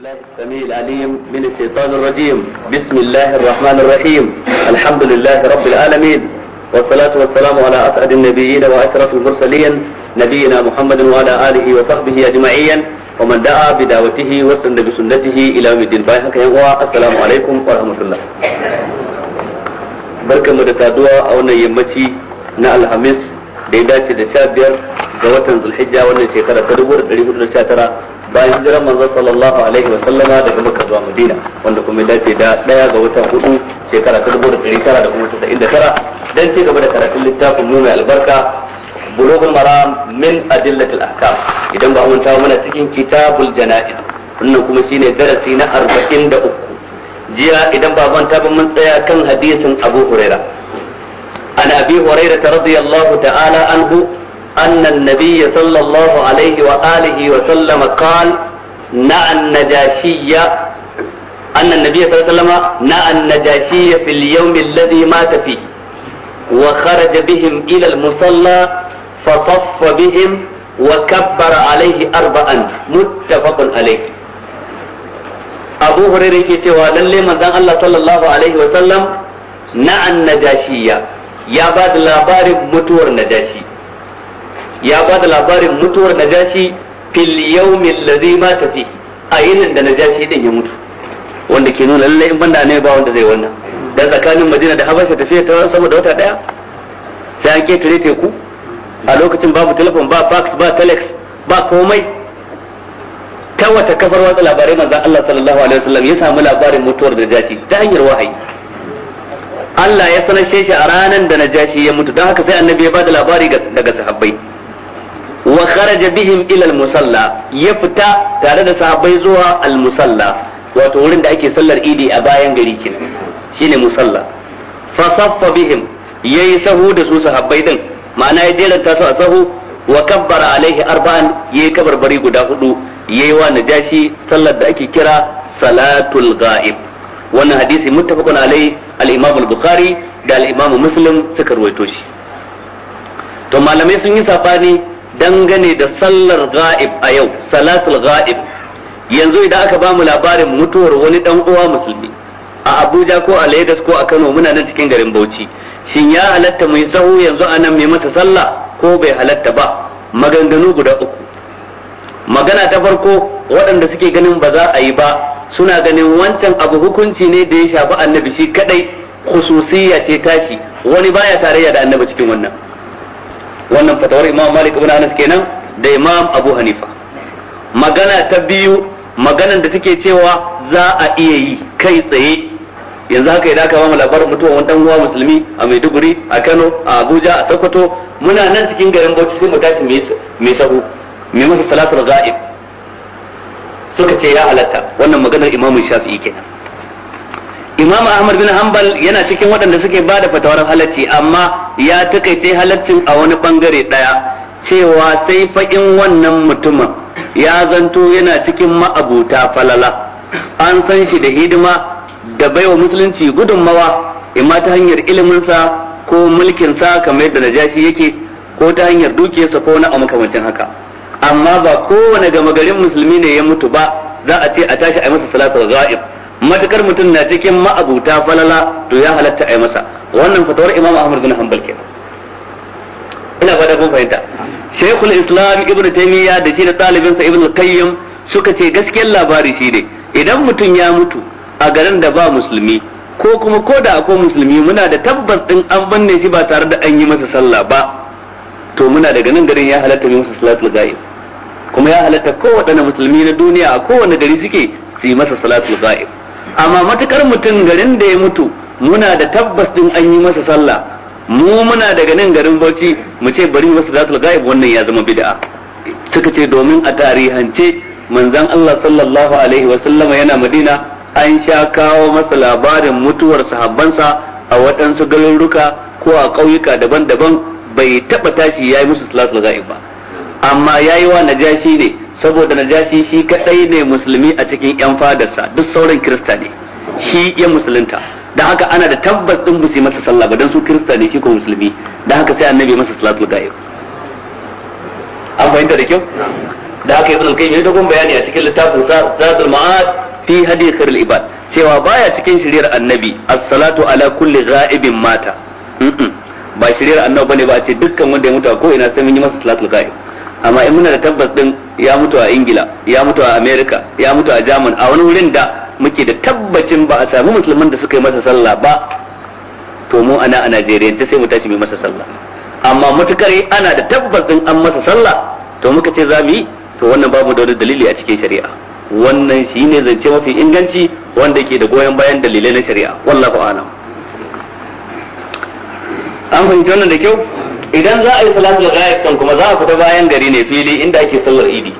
الله السميع العليم من الشيطان الرجيم بسم الله الرحمن الرحيم الحمد لله رب العالمين والصلاة والسلام على أسعد النبيين وأشرف المرسلين نبينا محمد وعلى آله وصحبه أجمعين ومن دعا بدعوته وسن بسنته إلى يوم الدين فاحك السلام عليكم ورحمة الله barkan mu da saduwa a wannan yammaci na alhamis da ya dace da sha biyar ga watan zulhijja wannan shekara ta dubu da ɗari hudu da sha tara bayan hijiran manzo sallallahu alaihi wa sallama daga Makka zuwa Madina wanda kuma dace da daya ga watan hudu shekara ta dubu da ɗari tara da kuma tasa'in da tara dan ci gaba da karatun littafin mu mai albarka bulugul maram min adillatil ahkam idan ba mun tawo muna cikin kitabul janaiz wannan kuma shine darasi na 43 jiya idan ba ban ba mun tsaya kan hadisin Abu Huraira an Abi Hurairah radiyallahu ta'ala anhu أن النبي صلى الله عليه وآله وسلم قال نعى النجاشية أن النبي صلى الله عليه وسلم نعى النجاشية في اليوم الذي مات فيه وخرج بهم إلى المصلى فصف بهم وكبر عليه أربعا متفق عليه أبو هريرة كتوى للي من ذن الله صلى الله عليه وسلم نعى النجاشية يا بعد الأبار متور نجاشي ya ba da labarin mutuwar najashi fil yawmin ladhi mata fi a yinin da najashi din ya mutu wanda ke nuna lallai in banda ne ba wanda zai wannan dan tsakanin Madina da Habasha tafiya ta sama da wata daya sai an ketare teku a lokacin babu telefon ba fax ba telex ba komai ta wata kafar watsa labarai manzo Allah sallallahu alaihi wasallam ya samu labarin mutuwar najashi ta hanyar wahayi Allah ya sanar shi a ranar da najashi ya mutu don haka sai annabi ya bada labari daga sahabbai wa kharaja bihim ila al-musalla ya fita tare da sahabbai zuwa al-musalla wato wurin da ake sallar idi a bayan gari kenan shine musalla fa saffa bihim yayi sahu da su sahabbai din ma'ana ya jeranta su a sahu wa kabbara alaihi arba'an yayi kabarbari guda hudu yayi wa najashi sallar da ake kira salatul ghaib wannan hadisi muttafaqun alaihi al-imam al-bukhari da al-imam muslim suka ruwaito shi to malamai sun yi safani. dangane da sallar ga'ib a yau salatul ga'ib yanzu idan aka bamu labarin mutuwar wani dan uwa musulmi a Abuja ko a Lagos ko a Kano muna nan cikin garin Bauchi shin ya halatta mu yi sahu yanzu anan mai masa sallah ko bai halatta ba maganganu guda uku magana ta farko waɗanda suke ganin ba za a yi ba suna ganin wancan abu hukunci ne da ya shafi annabi shi kadai khususiyya ce tashi wani baya tarayya da annabi cikin wannan wannan fatawar imam malik ibn anas kenan da imam abu hanifa magana ta biyu maganan da take cewa za a iya yi kai tsaye yanzu haka idan aka ba mu labarin mutuwa wani dan uwa musulmi a Maiduguri a Kano a Abuja a Sokoto muna nan cikin garin Bauchi sai mu tashi mai sahu mai masa salatul ghaib suka ce ya halatta wannan maganar Imam Shafi'i kenan imam ahmad bin hanbal yana cikin waɗanda suke ba da fatawar halacci amma ya takaice halaccin a wani bangare ɗaya cewa sai faƙin wannan mutumin ya zanto yana cikin ma'abuta falala an san shi da hidima da baiwa musulunci gudunmawa imma ta hanyar iliminsa ko sa kamar yadda najashi yake ko ta hanyar dukiyarsa ko na makamancin haka amma ba kowane gama garin musulmi ne ya mutu ba za a ce a tashi a yi masa salatu ghaib matukar mutum na cikin ma'abuta falala to ya halatta a yi masa wannan fatawar imam ahmad bin hanbal ke ina fata kun fahimta shaykhul islam ibn taimiyya da shi da talibin sa ibn qayyim suka ce gaskiyar labari shi ne idan mutum ya mutu a garin da ba musulmi ko kuma ko da akwai musulmi muna da tabbas din an banne shi ba tare da an yi masa sallah ba to muna daga nan garin ya halatta mai masa salatul ghaib kuma ya halatta kowaɗanne musulmi na duniya a kowane gari suke su yi masa salatul ghaib amma matukar mutum garin da ya mutu muna da tabbas din an yi masa sallah mu muna daga nan garin Bauchi mu ce bari masa zatul ghaib wannan ya zama bid'a suka ce domin a tarihance manzon Allah sallallahu alaihi wa sallama yana Madina an sha kawo masa labarin mutuwar sahabbansa a waɗansu garuruka ko a ƙauyuka daban-daban bai taɓa tashi ya yi musu salatul ghaib ba amma yayi wa najashi ne saboda najashi shi kadai ne musulmi a cikin yan fadarsa duk sauran kirista ne shi ya musulunta da haka ana da tabbas din musu masa sallah ba dan su kirista ne shi ko musulmi da haka sai annabi masa salatu da'ir an fahimta da kyau da haka ibn al-qayyim ya dogon bayani a cikin littafin zadul ma'ad fi hadi khairul ibad cewa baya cikin shiriyar annabi as-salatu ala kulli ghaibin mata ba shiriyar annabi bane ba a ce dukkan wanda ya mutu ko ina sai mun yi masa salatul ghaib amma in muna da tabbas din ya mutu a ingila ya mutu a america ya mutu a jamus a wani wurin da muke da tabbacin ba a sami musulman da suka yi masa sallah ba to mu ana a najeriya ta sai mu tashi mai masa sallah amma matukar ana da tabbas din an masa sallah to muka ce za mu yi to wannan babu da wani dalili a cikin shari'a wannan ne zance mafi inganci wanda ke da goyon bayan dalilai na shari'a wallahu a'lam an fahimci wannan da kyau idan za a yi salatu da kan kuma za a fita bayan gari ne fili inda ake sallar idi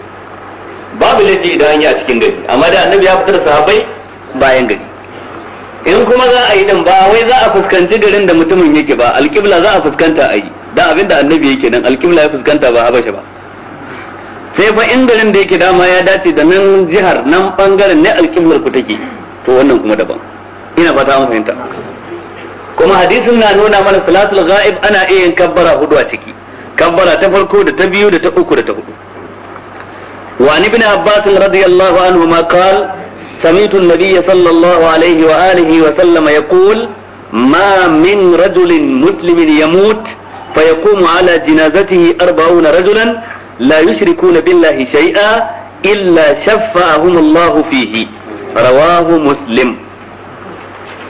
babu laifi idan an yi a cikin gari amma da annabi ya fitar sahabbai bayan gari in kuma za a yi din ba wai za a fuskanci garin da mutumin yake ba alƙibla za a fuskanta a yi da abin da annabi yake nan alƙibla ya fuskanta ba habasha ba sai fa in garin da yake dama ya dace da nan jihar nan bangaren ne alƙiblar ku take to wannan kuma daban ina fata an fahimta kuma hadisin na nuna mana salatul ghaib ana iya yin kabbara hudu a ciki kabbara ta farko da ta biyu da ta uku da ta hudu wa ni ibn abbas radiyallahu anhu ma qala سمعت النبي صلى الله عليه وآله وسلم يقول ما من رجل مسلم يموت فيقوم على جنازته أربعون رجلا لا يشركون بالله شيئا إلا شفعهم الله فيه رواه مسلم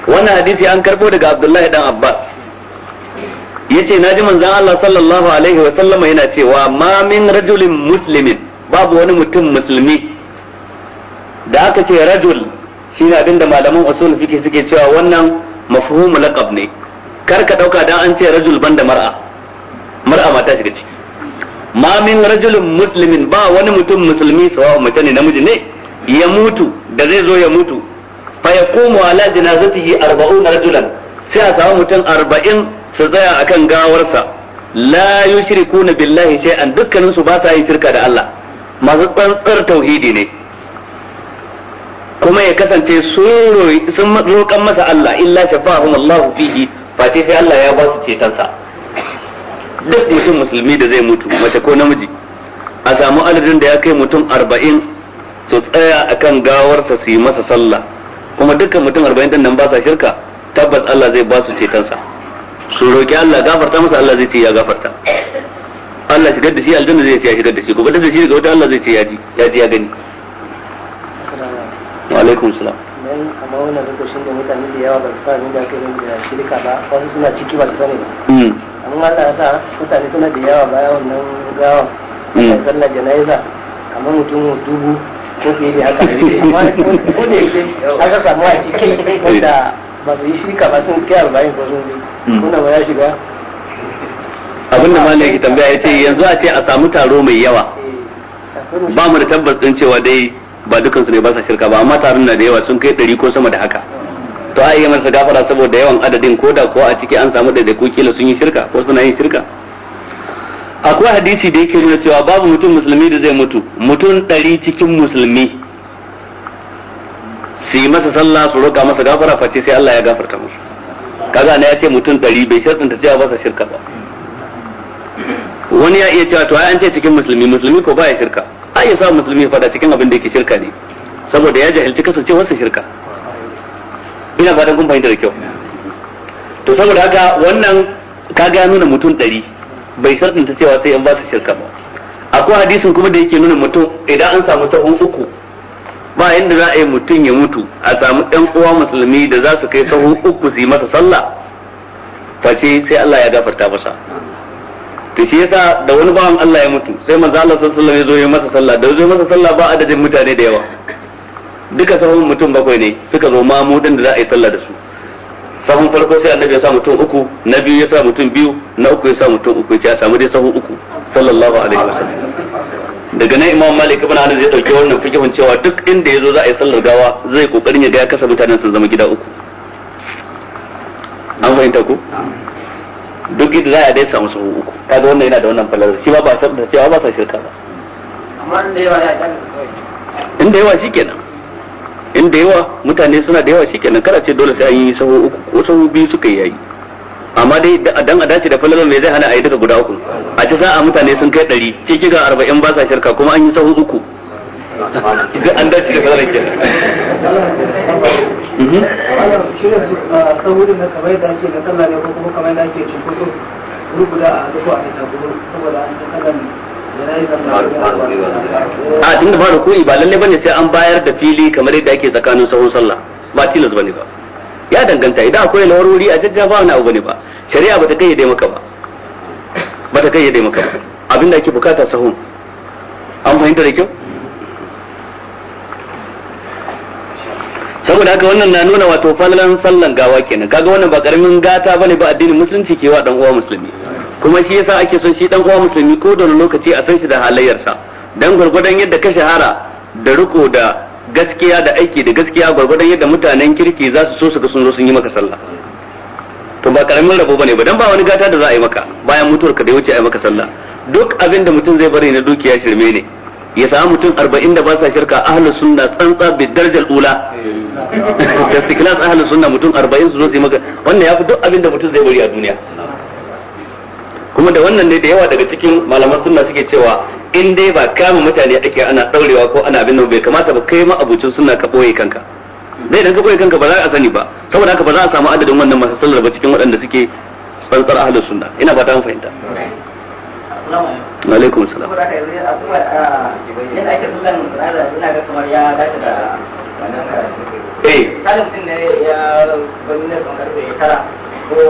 wannan hadisi an karbo daga abdullahi dan abbas yace naji manzon Allah sallallahu alaihi wa sallama yana cewa ma min rajulin muslimin babu wani mutum musulmi da aka ce rajul shi ne abinda malaman usul fiqh suke cewa wannan mafhumu laqab ne kar ka dauka dan an ce rajul banda mar'a mar'a mata shiga ciki ma min rajulin muslimin ba wani mutum musulmi sawa mace ne namiji ne ya mutu da zai zo ya mutu fa yaqumu ala janazatihi 40 rajulan sai a samu mutum 40 su tsaya akan gawarsa la yushrikuna billahi shay'an dukkanin su ba sa yin shirka da Allah masu tsantsar tauhidi ne kuma ya kasance sun roƙan masa Allah illa shafahum Allah fihi face sai Allah ya ba su cetonsa duk mutum musulmi da zai mutu mace ko namiji a samu adadin da ya kai mutum arba'in su tsaya akan gawarsa su yi masa sallah kuma dukkan mutum arba'in din nan ba sa shirka tabbas Allah zai ba su cetonsa su roki Allah gafarta masa Allah zai ce ya gafarta Allah shigar da shi aljanna zai ce ya shigar da shi gobe da shi daga wata Allah zai ce ya ji ya ji ya gani wa alaikum salam dan amma wannan lokacin da mutane da yawa ba su sani da kai da shirka ba wasu suna ciki ba su sani ba hmm. amma Allah ya sa mutane suna da yawa bayan wannan gawa a hmm. sallar janaiza kamar mutum dubu ko ke da haka amma ko ne aka samu a cikin wanda ba su yi shirka ba sun kai arba'in ko sun bi wanda hmm. ba ya shiga abin da malam yake tambaya ya ce yanzu a ce a samu taro mai yawa hmm. ba mu da tabbas din cewa dai ba dukansu ne ba sa shirka ba amma taron na da yawa sun kai ɗari ko sama da haka to a iya masa gafara saboda yawan adadin ko da ko a ciki an samu da ko kila sun yi shirka ko suna yin shirka akwai hadisi da yake nuna cewa babu mutum musulmi da zai mutu mutum ɗari cikin musulmi su yi masa sallah su roƙa masa gafara face sai Allah ya gafarta musu kaga na ya ce mutum ɗari bai sharɗin ta cewa ba sa shirka ba wani ya iya cewa to ai an ce cikin musulmi musulmi ko baya shirka ai ya sa musulmi fada cikin abin da yake shirka ne saboda ya jahilci kasance wasu shirka ina fatan kun fahimta da kyau to saboda haka wannan kaga nuna mutum ɗari bai sharɗanta cewa sai an ba su shirka ba akwai hadisin kuma da yake nuna mutum idan an samu sahun uku ba yadda za a yi mutum ya mutu a samu ɗan uwa musulmi da za su kai sahun uku su yi masa sallah face sai Allah ya gafarta masa to shi yasa da wani bawan Allah ya mutu sai manzo Allah sallallahu alaihi wasallam ya zo ya masa sallah da zo masa sallah ba adadin mutane da yawa duka sahun mutum bakwai ne suka zo mamu din da za a yi sallah da su sahun farko sai annabi ya sa mutum uku na biyu ya sa mutum biyu na uku ya sa mutum uku ya samu dai sahun uku sallallahu alaihi wasallam daga nan imam malik ibn anas ya dauke wannan fikihun cewa duk inda yazo za a yi sallar gawa zai kokarin ya ga ya kasa mutanen sun zama gida uku an fahimta ku duk inda za a dai samu sahun uku kaga wannan yana da wannan falalar shi ba ba sa cewa ba sa shirka ba amma inda yawa ya inda yawa shikenan in da yawa mutane suna da yawa kenan kada ce dole sai an yi sahu uku ko sahu biyu suka yi yayi amma dai dan a dace da falalar me zai hana a yi duka guda uku a ce sa'a mutane sun kai ɗari ce kiga arba'in ba sa shirka kuma an yi sahu uku idan an dace da falalar kenan saboda a tunda ba ruku'i ba lalle bane sai an bayar da fili kamar yadda ake tsakanin sahun sallah ba tilas bane ba ya danganta idan akwai lawar wuri a jajja ba wani abu bane ba shari'a bata kayyade maka ba bata kayyade maka abinda ake bukata sahun an fahimta da kyau saboda haka wannan na nuna wato falalan sallan gawa kenan kaga wannan ba karamin gata bane ba addinin musulunci kewa dan uwa musulmi kuma shi yasa ake son shi dan uwa musulmi ko da lokaci a san shi da halayyarsa dan gurgurdan yadda ka shahara da riko da gaskiya da aiki da gaskiya gurgurdan yadda mutanen kirki za su so su ga sun zo sun yi maka sallah to ba karamin rabo bane ba dan ba wani gata da za a yi maka bayan mutuwar ka da wuce a yi maka sallah duk abin da mutum zai bari na dukiya shirme ne ya samu mutum arba'in da ba sa shirka ahlus sunna tsantsa bi darajar ula da istiklal ahlus sunna mutum arba'in su zo su yi maka wannan ya fi duk abin da mutum zai bari a duniya kuma da wannan ne da yawa daga cikin malaman sunna suke cewa in dai ba kama mutane ake ana daurewa ko ana abin nan bai kamata ba kai ma abucin sunna ka boye kanka dai idan ka boye kanka ba za a sani ba saboda haka ba za a samu adadin wannan masu sallar ba cikin waɗanda suke tsantsar ahlus sunna ina fata an fahimta alaikum salam eh eh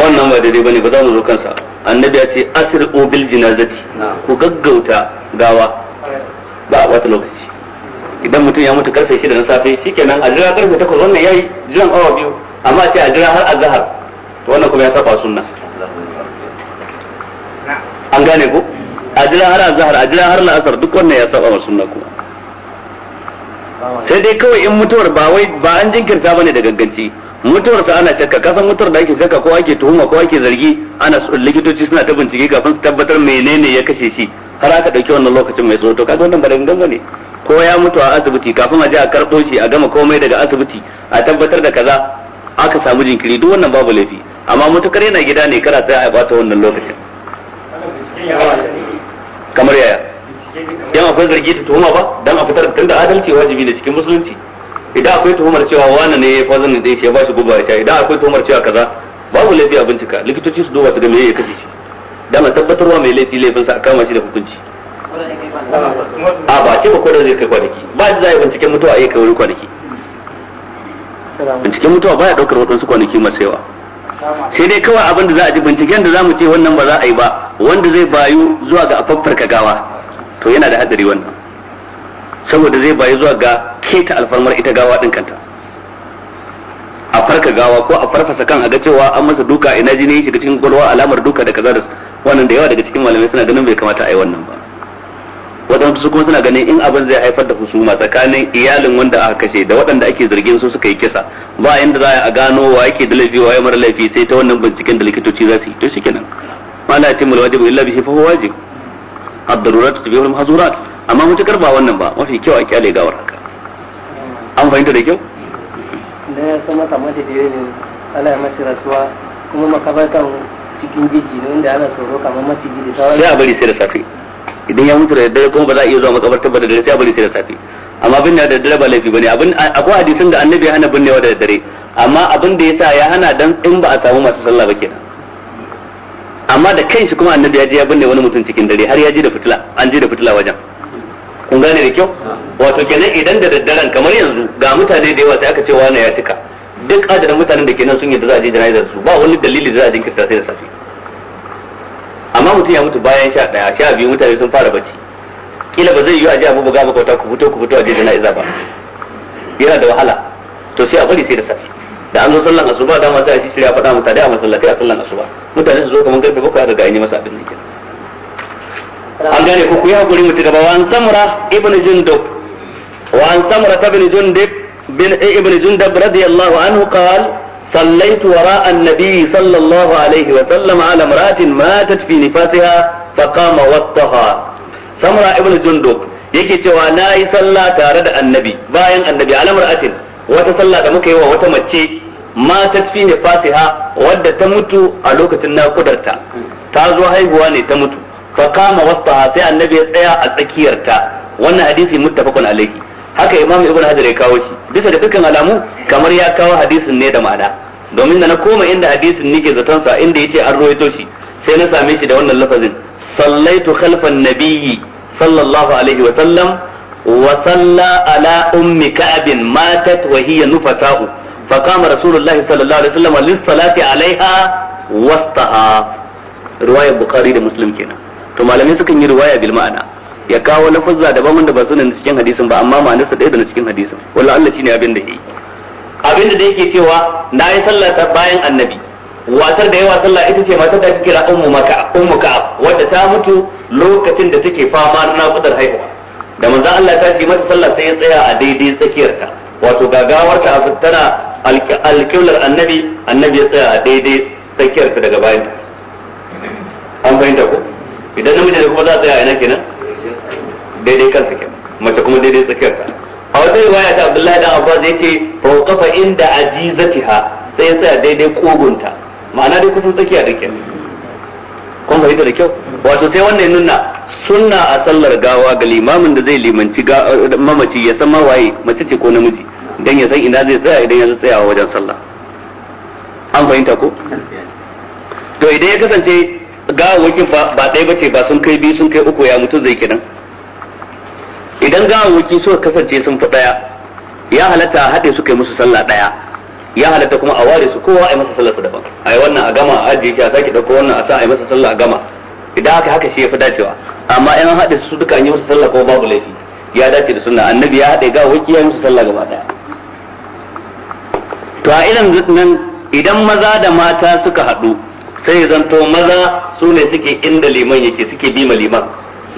wannan ba daidai bane ba za mu zo kansa annabi ya ce asir obil jinazati ku gaggauta gawa ba a wata lokaci idan mutum ya mutu karfe shida na safe shikenan a jira karfe takwas wannan yi jiran awa biyu amma ce a jira har azhar to wannan kuma ya saba sunna an gane ko a jira har zahar a jira har la'asar duk wannan ya saba sunna kuma sai dai kawai in mutuwar ba wai ba an jinkirta bane da gagganci mutuwar sa ana shakka kasan mutuwar da ake shakka ko ake tuhuma ko ake zargi ana likitoci suna ta bincike kafin su tabbatar menene ya kashe shi har aka dauki wannan lokacin mai tsoto kaga wannan ba da gangan ko ya mutu a asibiti kafin a je a karɓo shi a gama komai daga asibiti a tabbatar da kaza aka samu jinkiri duk wannan babu laifi amma mutukar yana gida ne kara sai a bata wannan lokacin kamar yaya Idan akwai zargi ta tuhuma ba dan a fitar tunda adalci wajibi ne cikin musulunci idan akwai tuhumar cewa wani ne ya fazan da ya ba shi guba ya idan akwai tuhumar cewa kaza babu laifi a bincika likitoci su duba su ga me ya kashe shi dan a tabbatarwa mai laifi laifin sa a kama shi da hukunci a ba ce ba ko da zai kai kwanaki ba da zai binciken mutuwa a kai wani kwanaki binciken mutuwa baya daukar wadansu kwanaki masu yawa sai dai kawai abin da za a ji binciken da za mu ce wannan ba za a yi ba wanda zai bayu zuwa ga a gawa to yana da hadari wannan saboda zai bayi zuwa ga keta alfarmar ita gawa din kanta a farka gawa ko a farfasa kan a ga cewa an masa duka ina jini ya shiga cikin gwalwa alamar duka da kaza da wannan da yawa daga cikin malamai suna ganin bai kamata a yi wannan ba waɗansu su kuma suna ganin in abin zai haifar da husuma tsakanin iyalin wanda aka kashe da waɗanda ake zargin su suka yi kisa ba yanda za a gano wa yake da laifi wa ya mara laifi sai ta wannan binciken da likitoci za su yi to shikenan ma la yatimul wajibu illa bihi fa huwa wajib ad-darurat tabi'ul mahzurat amma ba wannan ba mafi kyau a kyale gawar haka an fahimta da kyau da ya sama da dire ne Allah ya masa rasuwa kuma cikin jiji ne inda ana kamar maciji da sai idan ya mutu da daddare kuma ba za a iya zuwa makabartar ba da sai a bari sai da safi amma abin da daddare ba laifi bane abin akwai hadisin da annabi ya hana binnewa da daddare amma abin da yasa ya hana dan in ba a samu masu sallah ba kenan amma da kanshi kuma annabi ya je ya binne wani mutum cikin dare har ya je da fitila an je da fitila wajen kun gane da kyau wato kenan idan da daddaren kamar yanzu ga mutane da yawa sai aka ce wani ya cika duk adadin mutanen da kenan sun yi da za a je jana'izar su ba wani dalili da za a jinkirta sai da safe amma mutum ya mutu bayan sha ɗaya sha biyu mutane sun fara bacci kila ba zai yi a ji abubuwa ga ba kwata ku fito ku fito a je jana'iza ba yana da wahala to sai a bari sai da safe da an zo sallan asuba da ma sai a shi shirya faɗa mutane a masallaci a sallan asuba mutane su zo kamar karfe bakwai daga an masa abin nake an gane ku ku yi hakuri mu ci gaba wa samura ibnu jundub wa samura ibnu jundub bin eh, ibnu jundub radiyallahu anhu qala صليت وراء النبي صلى الله عليه وسلم على امرأة ماتت في نفاسها فقام وطها سمرة ابن جندب yake cewa na yi salla tare da annabi bayan annabi wata sallah da muka yi wa wata mace ma ne fasiha wadda ta mutu a lokacin naƙudarta ta zo haihuwa ne ta mutu fa kama wasaha sai annabi ya tsaya a tsakiyarta wannan hadisi muttafaqun alaihi haka imam ibnu hajar ya kawo shi bisa da dukkan alamu kamar ya kawo hadisin ne da ma'ana domin da na koma inda hadisin ke zaton sa inda yace an ruwaito shi sai na same shi da wannan lafazin sallaitu khalfan nabiyyi sallallahu alaihi wa sallam wa salla ala ummi ka'abin matat wa hiya nufata'u fa qama rasulullahi sallallahu alaihi wasallam lis salati alaiha wastaha riwayar bukhari da muslim kenan to malamai sukan yi riwaya bil ma'ana ya kawo lafazza daban da ba sunan cikin hadisin ba amma ma'anarsa ɗaya da na cikin hadisin wallahi Allah shine abin da yake abin da yake cewa na yi sallah ta bayan annabi Wasar da yawa sallah ita ce matar da ake kira ummu maka ummu ka'ab wadda ta mutu lokacin da take fama na kudar haihuwa da manzon Allah ta ji mata sallah sai ya tsaya a daidai tsakiyarta wato gagawarta a tana alƙiblar annabi annabi ya tsaya a daidai tsakiyarta daga bayan an fahimta ko idan namiji da kuma za a tsaya a ina kenan daidai kansa kenan mace kuma daidai tsakiyarta a wata riwaya ta Abdullahi dan Abbas yace fa qafa inda ajizatiha sai ya tsaya daidai kogunta ma'ana dai kusan tsakiya da kenan kun fahimta da kyau wato sai wannan nuna sunna a sallar gawa ga limamin da zai limanci eh, mamaci ya san mawaye, mace ce ko namiji dan ya san ina zai tsaya idan ya tsaya wajen sallah an fahimta ko to idan ya kasance gawawakin fa ba ɗaya bace ba sun kai biyu sun kai uku ya mutum zai kidan idan gawawaki suka kasance sun fi ɗaya ya halatta haɗe su kai musu sallah ɗaya ya halatta kuma a ware su kowa a yi masa sallah su daban a yi wannan a gama a ajiye shi a sake ɗauko wannan a sa a yi masa sallah a gama idan aka haka shi ya fi dacewa amma in haɗe su duka an yi musu sallah ko babu laifi ya dace da sunna annabi ya haɗe ga waki ya musu sallah gaba ɗaya to a irin nan idan maza da mata suka haɗu sai zanto maza su ne suke inda liman yake suke bi ma liman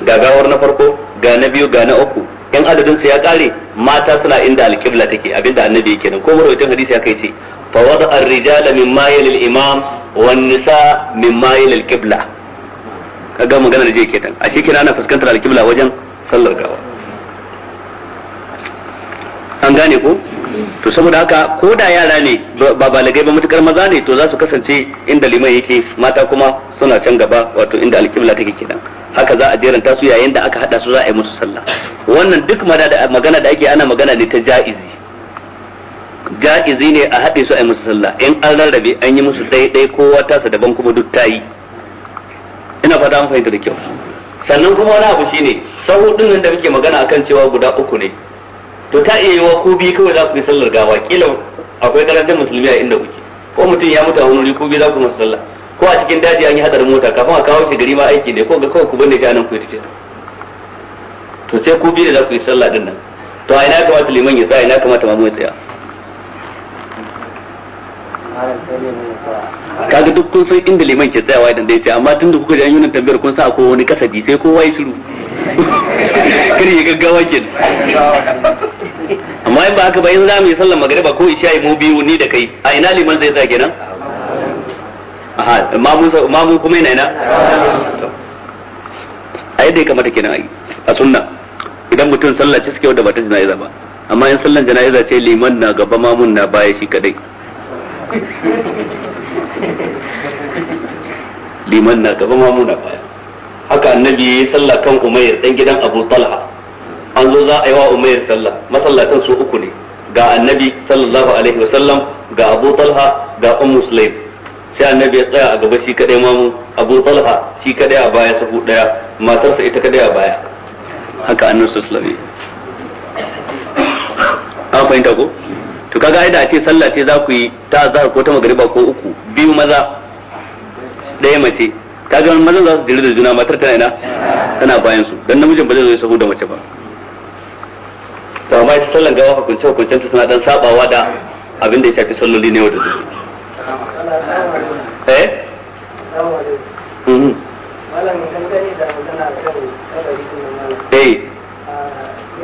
ga gawar na farko ga na biyu ga na uku in adadin su ya kare mata suna inda alƙibla take abinda annabi yake nan ko marwayin hadisi aka ce fa wada ar-rijala mimma yalil imam wan nisa mimma yalil qibla kaga magana da je dan a shekina ana fuskantar alkibla wajen sallar gawa an gane ko to saboda haka ko da yara ne ba balagai ba matukar maza ne to za su kasance inda liman yake mata kuma suna can gaba wato inda alkibla take kenan haka za a jeranta su yayin da aka hada su za a yi musu sallah wannan duk magana da ake ana magana ne ta ja'izi ja'izi ne a haɗe su a yi musu sallah in an rarrabe an yi musu ɗaya ɗaya kowa tasa daban kuma duk tayi. ina fata an fahimta da kyau sannan kuma wani abu shine sahu din da muke magana akan cewa guda uku ne to ta iya yiwa ku biyu kawai za ku yi sallar gawa kila akwai karancin musulmi a inda kuke ko mutum ya mutu a wani wuri ko biyu za ku musu sallah ko a cikin daji an yi hadarin mota kafin a kawo shi gari ma aiki ne ko ga kawai ku bane ganin anan ku yi tafiya to sai ku biyu da za ku yi sallah din nan to a ina kamata liman ya tsaya ina kamata mamu ya tsaya kaga duk kun san inda liman ke tsayawa idan dai sai amma tunda kuka ji an yi tambayar kun sa akwai wani kasabi sai kowa ya shiru kar ya gaggawa ke amma in ba haka ba in za mu yi sallar magariba ko isha mu biyu ni da kai a ina liman zai tsaya kenan aha mamu kuma yana ina a yadda ya kamata kenan ai a sunna idan mutum sallar ce suke wadda ba ta jana'iza ba amma in sallan jana'iza ce liman na gaba mamun na baya shi kadai liman na gaba muna baya haka annabi ya yi sallah kan umayyar dan gidan abu talha an zo za a yi wa umayyar sallah masallatan su uku ne ga annabi sallallahu alaihi wa sallam ga abu talha ga ummu sulaim sai annabi ya tsaya a gaba shi kadai mamu abu talha shi kadai a baya sahu daya matarsa ita kadai a baya haka annabi sallallahu alaihi wa sallam an fahimta ko to kaga ai da a ce sallah ce za ku yi ta azhar ko ta magriba ko uku biyu maza ɗaya mace kaga mazan za su jira da juna matar tana ina tana bayan su dan namijin ba zai zo ya sahu da mace ba to amma ita sallan gawa hukunce hukuncen ta suna dan sabawa da abin da ya shafi salloli ne wadda su eh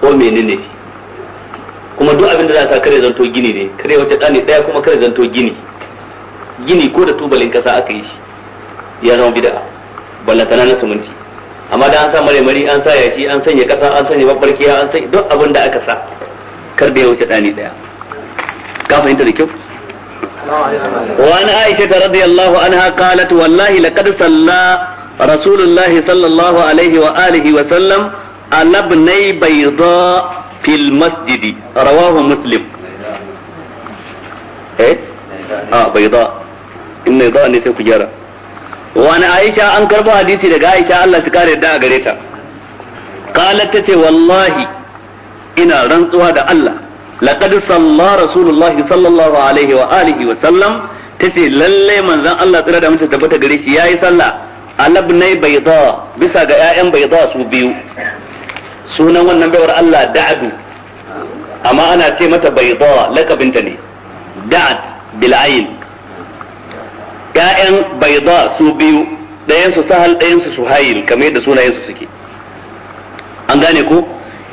ko menene shi kuma duk abin da za a sa kare zanto gini ne kare wace ne ɗaya kuma kare zanto gini gini ko da tubalin kasa aka yi shi ya zama bid'a ballantana na suminti amma da an sa mari an sa yashi an sanya kasa an sanya babbarkiya an sanya duk abin da aka sa kar da ya wuce ɗani ɗaya ka fahimta da kyau وعن عائشة رضي الله عنها قالت والله لقد صلى رسول الله صلى الله عليه وآله وسلم alabnai bayda fil masjidi rawahu muslim eh a bayda inna bayda ne sai ku gyara wani aisha an karbo hadisi daga aisha Allah ta kare da gare ta qalat tace wallahi ina rantsuwa da Allah laqad salla rasulullah sallallahu alaihi wa alihi wa sallam tace lallai manzon Allah tsira da mutunta tabbata gare shi yayi sallah alabnai bayda bisa ga ƴaƴan bayda su biyu sunan wannan baiwar Allah da'adu amma ana ce mata baydawa lakabinta ne da'ad bil ayn bai bayda su biyu ɗayan su sahal ɗayan su suhail kamar yadda sunayen su suke an gane ko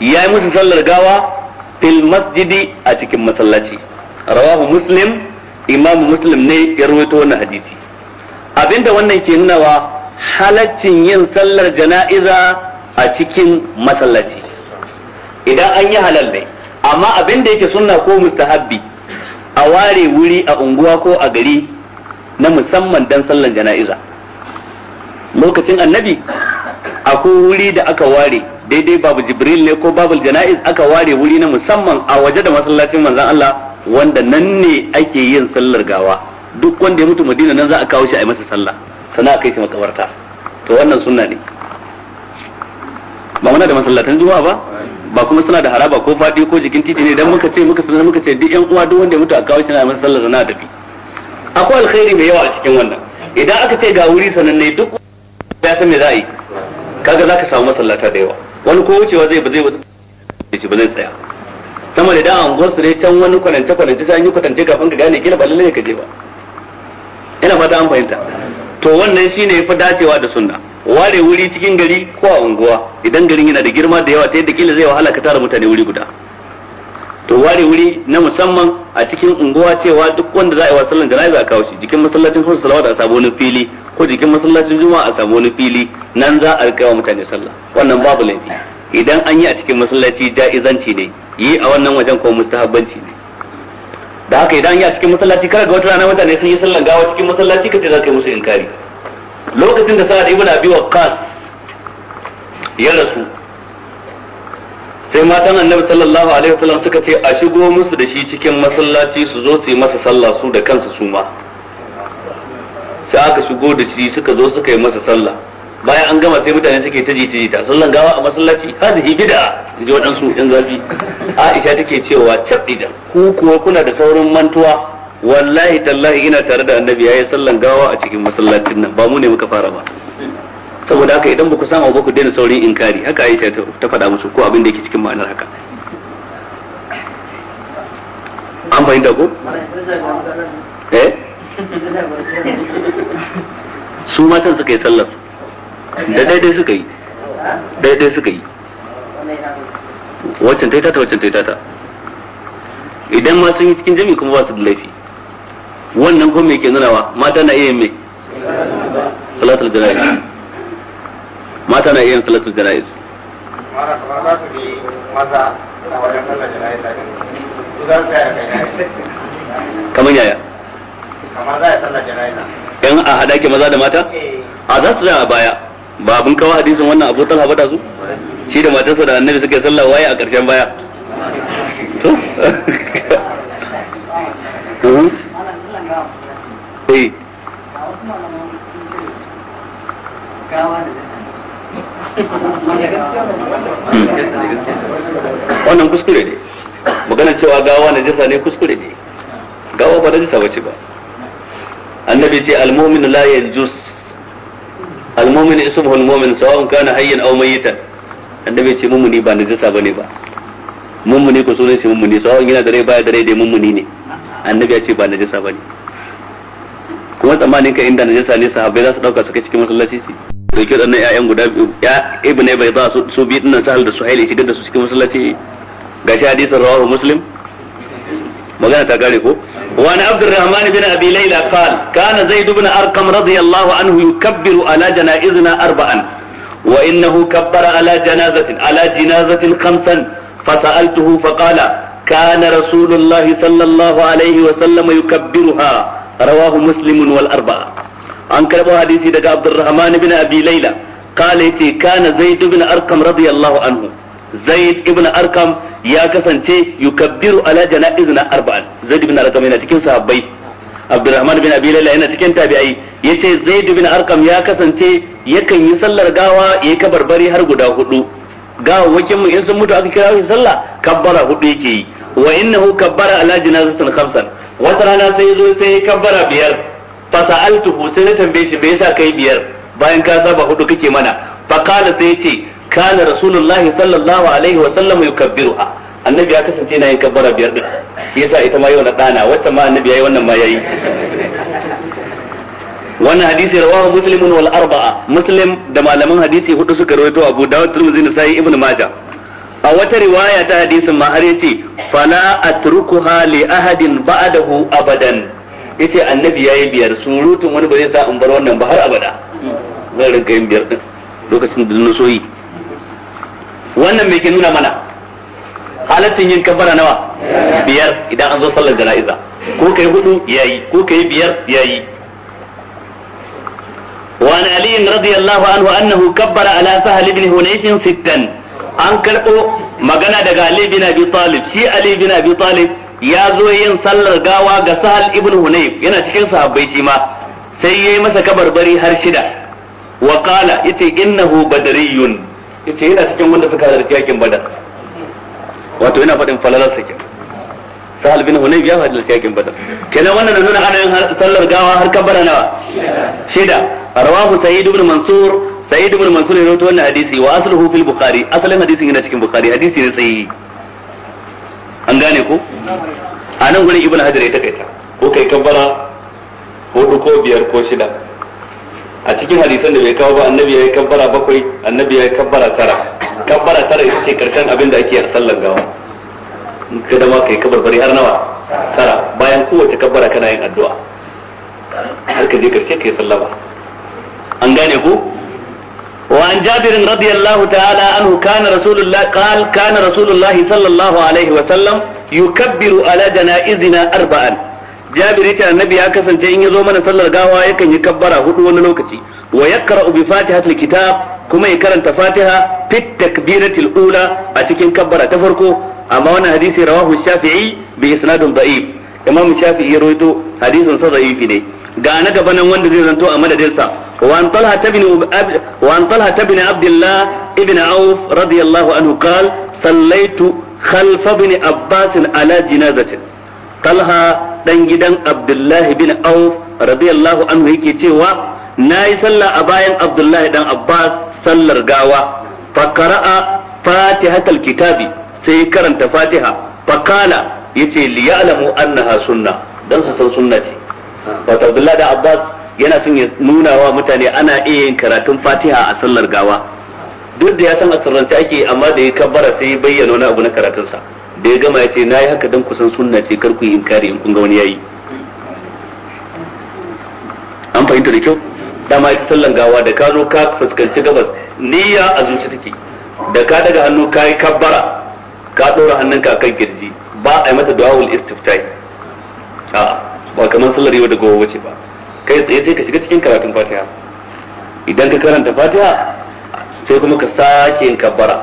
yayi musu sallar gawa fil masjidi a cikin masallaci rawahu muslim imam muslim ne ya rubuta wannan hadisi abinda wannan ke nunawa halaccin yin sallar jana'iza a cikin masallaci idan an yi halal ne amma abin da yake sunna ko mustahabbi a ware wuri a unguwa ko a gari na musamman dan sallan jana'iza lokacin annabi akwai wuri da aka ware daidai babu jibril ne ko babu jana'iz aka ware wuri na musamman a waje da masallacin manzon Allah wanda nan ne ake yin sallar gawa duk wanda ya mutu madina nan za a kawo shi a yi masa sallah sana kai shi makabarta to wannan sunna ne ba muna da masallatan juma'a ba ba kuma suna da haraba ko fadi ko jikin titi ne dan muka ce muka sanar muka ce duk yan uwa duk wanda ya mutu a kawo shi na masallar na tafi akwai alkhairi mai yawa a cikin wannan idan aka ce ga wuri sananne duk ya san me za a yi kaga za ka samu masallata da yawa wani ko wucewa zai ba zai ba zai tsaya sama da dan an su dai can wani kwanance kwanance sai an yi kwatance kafin ka gane kila ba lallai ka je ba ina fata an fahimta to wannan shine yafi dacewa da sunna ware wuri cikin gari ko a unguwa idan garin yana da girma da yawa ta yadda kila zai wahala ka tara mutane wuri guda to ware wuri na musamman a cikin unguwa cewa duk wanda za a yi wa sallan jana'iza a kawo shi jikin masallacin hudu salawat a sabo fili ko jikin masallacin juma'a a sabo fili nan za a rika wa mutane sallah wannan babu laifi idan an yi a cikin masallaci ja'izanci ne yi a wannan wajen ko mustahabbanci ne da haka idan an yi a cikin masallaci kar ga wata rana mutane sun yi sallan gawa cikin masallaci kace za ka yi musu inkari lokacin da sa'ad ibn abi waqqas ya rasu sai matan annabi sallallahu alaihi wasallam suka ce a shigo musu da shi cikin masallaci su zo su yi masa sallah su da kansu su ma sai aka shigo da shi suka zo suka yi masa sallah bayan an gama sai mutane suke ta jita jita sallan gawa a masallaci hazihi bid'a inji waɗansu yan zafi Aisha take cewa cabɗi da ku kuwa kuna da saurin mantuwa wallahi tallahi ina tare da annabi yayi sallan gawa a cikin masallacin nan ba mu ne muka fara ba saboda haka idan ba ku san abu ku daina saurin inkari haka Aisha ta faɗa musu ko abin da yake cikin ma'anar haka an fahimta ko eh su matan suka yi sallar da daidai suka yi daidai suka yi wacce taita ta waccan ta ta idan ma sun yi cikin jami'i kuma ba su da laifi wannan kuma me ke nunawa mata na iya mai salatul jana'iz mata na iya salatul jana'iz kamar yaya kamar za a sallar jana'iza yan a hada ke maza da mata eh. a za su a baya ba abin kawo hadisin wannan abu talha bada su shi da matarsa da annabi suke sallah waye a ƙarshen baya to mhm. eh wannan kuskure ne magana cewa gawa na jasa ne kuskure ne gawa ba na jasa bace ba annabi ce almumin la yanjus almumin ismuhu almumin sawa'un kana hayyan yi mayyitan annabi ce mummuni ba na jasa bane ba mummuni ku sunan shi mummuni sawa'un yana da rai baya da rai dai mummuni ne annabi ya ce ba na jasa bane kuma tsammanin ka inda najasa ne sahabbai za su dauka suka cikin masallaci su dauki wadannan ƴaƴan guda biyu ya ibnu bai za su su bi dinnan sahal da suhaili shigar da su cikin masallaci gashi hadisin rawahu muslim magana ta gare ko وعن عبد الرحمن بن ابي ليلى قال كان زيد بن ارقم رضي الله عنه يكبر على جنائزنا اربعا وانه كبر على جنازه على جنازه خمسا فسالته فقال Kana رسول sallallahu صلى wa sallam وسلم rawahu muslimun wal arba'a an karbo hadisi daga abdurrahman ibn abi laila قال يتي كان زيد بن أرقم رضي الله عنه زيد ابن ya kasance yukabbiru ala janaizina arba'an zaid bin arqam yana cikin sahabbai abdurrahman bin abi laila yana cikin tabi'ai yace zaid bin arqam ya kasance yakan yi sallar gawa yayi kabarbari har guda hudu gawawwakin mu in sun mutu aka kira shi kabara kabbara hudu yake yi wa innahu kabbara ala janazatin khamsan wata rana sai zo sai ya kabbara biyar fa sa'altuhu sai na tambaye shi me yasa kai biyar bayan ka saba hudu kake mana fa qala sai yace kana rasulullahi sallallahu alaihi wa sallam yukabbiruha annabi ya kasance na yin kabbara biyar din shi yasa ita ma yau na dana wata ma annabi yayi wannan ma yayi wannan hadisi rawahu muslimun wal arba'a muslim da malaman hadisi hudu suka rawaito abu dawud tirmidhi nasai ibnu majah a wata riwaya ta hadisin ma har yace fala atrukuha li ahadin ba'dahu abadan yace annabi yayi biyar surutun wani ba zai sa in bar wannan ba har abada zan rinka yin biyar din lokacin da na soyi wannan me ke nuna mana halattun yin kafara nawa biyar idan an zo sallar jana'iza ko kai hudu yayi ko kai biyar yayi وعن علي رضي الله عنه أنه كبر على سهل بن هنيف ستا an karɓo magana daga Ali bin Abi Talib shi Ali bin Abi Talib ya zo yin sallar gawa ga Sahal ibn Hunayf yana cikin sahabbai shi ma sai yayi masa kabarbari har shida wa qala ita innahu badriyun Ita yana cikin wanda suka halarci yakin badar wato yana fadin falalar sa Sahal bin Hunayf ya fadin yakin badar kenan wannan nuna ana yin sallar gawa har kabara nawa shida rawahu Sayyid ibn Mansur sa'id ibn mansur ya rawaito wannan hadisi wa asluhu fil bukhari asalin hadisin yana cikin bukhari hadisi ne sai an gane ko a nan gurin ibn hajar ya takaita ko kai kabbara ko ko biyar ko shida a cikin hadisan da bai kawo ba annabi ya yi kabbara bakwai annabi ya yi kabbara tara kabbara tara ita ce karshen abin da ake a sallar gawa ka dama kai bari har nawa tara bayan kowace kabbara kana yin addu'a har ka je karshe kai sallama an gane ko وعن جابر رضي الله تعالى عنه كان رسول الله قال كان رسول الله صلى الله عليه وسلم يكبر على جنائزنا أربعا جابر يتعى النبي أكسن جئن يزومنا صلى الله عليه وسلم يكبر هدو ونلوكتي ويقرأ بفاتحة الكتاب كما يكرن تفاتحة في التكبيرة الأولى أتكين كبر تفركو أما وانا حديث رواه الشافعي بإسناد ضعيف إمام الشافعي رويته حديث ضعيف إليه ga na gaba nan wanda zai zanto a madadinsa sa wa an talha ta wa abdullahi talha tabin abdullah ibn auf radiyallahu anhu qal sallaitu خلف ابن عباس على جنازة طلحة دان جدان عبد الله بن عوف رضي الله عنه يكي ناي صلى أباين عبد الله دان عباس صلى رقاوة فقرأ فاتحة الكتاب سيكرن فاتحة فقال يتي ليعلموا أنها سنة دان سنة wato Abdullahi da Abbas yana son ya nuna wa mutane ana iya yin karatun Fatiha a sallar gawa duk da ya san asirrance ake amma da ya kabbara sai ya bayyana wani abu na karatun sa da ya gama ya ce na yi haka don kusan sunna ce kar ku yi inkari in kun ga wani yayi an fahimta da kyau dama ita sallan gawa da ka zo ka fuskanci gabas niyya a zuci take da ka daga hannu ka yi kabbara ka ɗora hannunka kan kirji ba a yi mata du'a'ul istiftai a'a ba kamar sallar yau da gobe wace ba kai tsaye sai ka shiga cikin karatun fatiha idan ka karanta fatiha sai kuma ka sake yin kabbara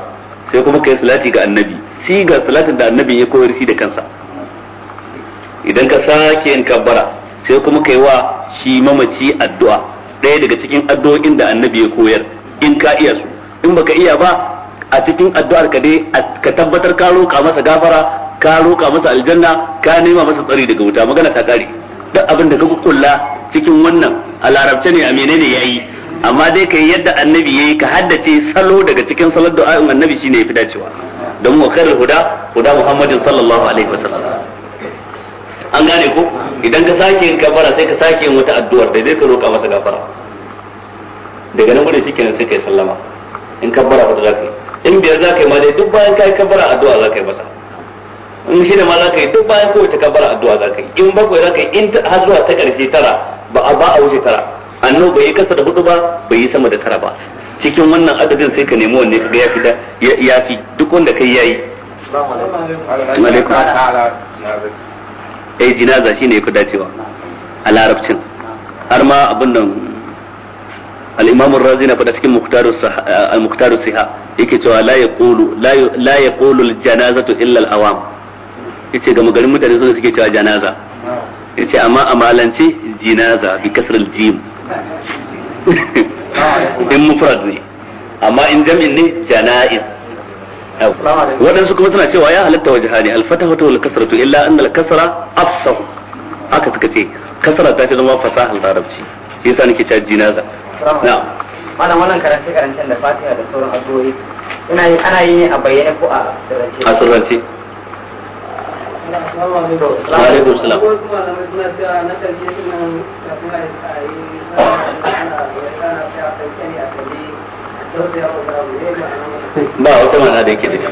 sai kuma ka yi salati ga annabi shi ga salatin da annabi ya koyar shi da kansa idan ka sake yin kabbara sai kuma ka yi wa shi mamaci addu'a ɗaya daga cikin addu'o'in da annabi ya koyar in ka iya su in baka iya ba a cikin addu'ar ka dai ka tabbatar ka roƙa masa gafara ka roƙa masa aljanna ka nema masa tsari daga wuta magana ta kare duk abin da ka kulla cikin wannan a larabce ne a menene yayi amma dai kai yadda annabi yayi ka haddace salo daga cikin da du'a'in annabi shine yafi dacewa don wa khairul huda huda muhammadin sallallahu alaihi wasallam an gane ko idan ka sake yin gafara sai ka sake yin wata addu'ar da zai ka roƙa masa gafara daga nan gudun shikenan sai kai sallama in ba za ka yi in biyar ka yi ma dai duk bayan ka yi kabbara addu'a ka yi masa in shi da ma za ka yi duk bayan kowace kabbara addu'a za ka yi in bakwai za ka yi in har zuwa ta ƙarshe tara ba a ba a wuce tara annu bai yi kasa da hudu ba bai yi sama da tara ba cikin wannan adadin sai ka nemi wanne ga yafi da yafi duk wanda kai yayi eh jinaza shine yafi dacewa a larabcin har ma abin nan al-imam ar-razi na fada cikin muktaru al siha yake cewa la yaqulu la yaqulu al-janazatu illa al-awam yace ga magarin mutane sun suke cewa janaza yace amma a malance jinaza bi kasral jim in mufrad ne amma in jam'in ne janaiz waɗansu kuma suna cewa ya halatta wajhani alfatahatu wal kasratu illa anna al kasra afsahu haka suka ce kasara ta ce zama fasahar larabci shi yasa nake cewa jinaza na wannan wannan karance karancen da fatiha da sauran addu'o'i ina yi ana yi ne a bayyane ko a sirrance a sirrance ba wata mana da yake da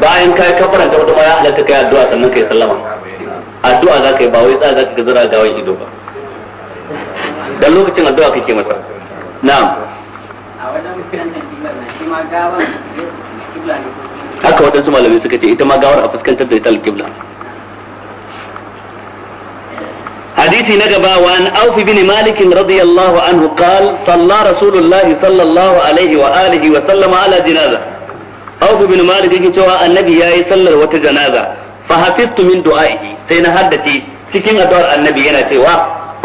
bayan ka yi kafaran ta wata bayan halatta ka yi addu'a sannan ka yi sallama addu'a za ka yi ba wai tsaya za ka zira gawan ido ba dan lokacin addu'a kake masa na'am a wajen mutum da kima na shi ma gawan kibla ne haka waɗansu malamai suka ce ita ma gawar a fuskantar da ita alƙibla حديثي نجبا وعن أوف بن مالك رضي الله عنه قال صلى رسول الله صلى الله عليه وآله وسلم على جنازة أوف بن مالك يتوى النبي يا يصلى وتجنازة فحفظت من دعائه سينهدتي سكين أدوار النبي أنا سوى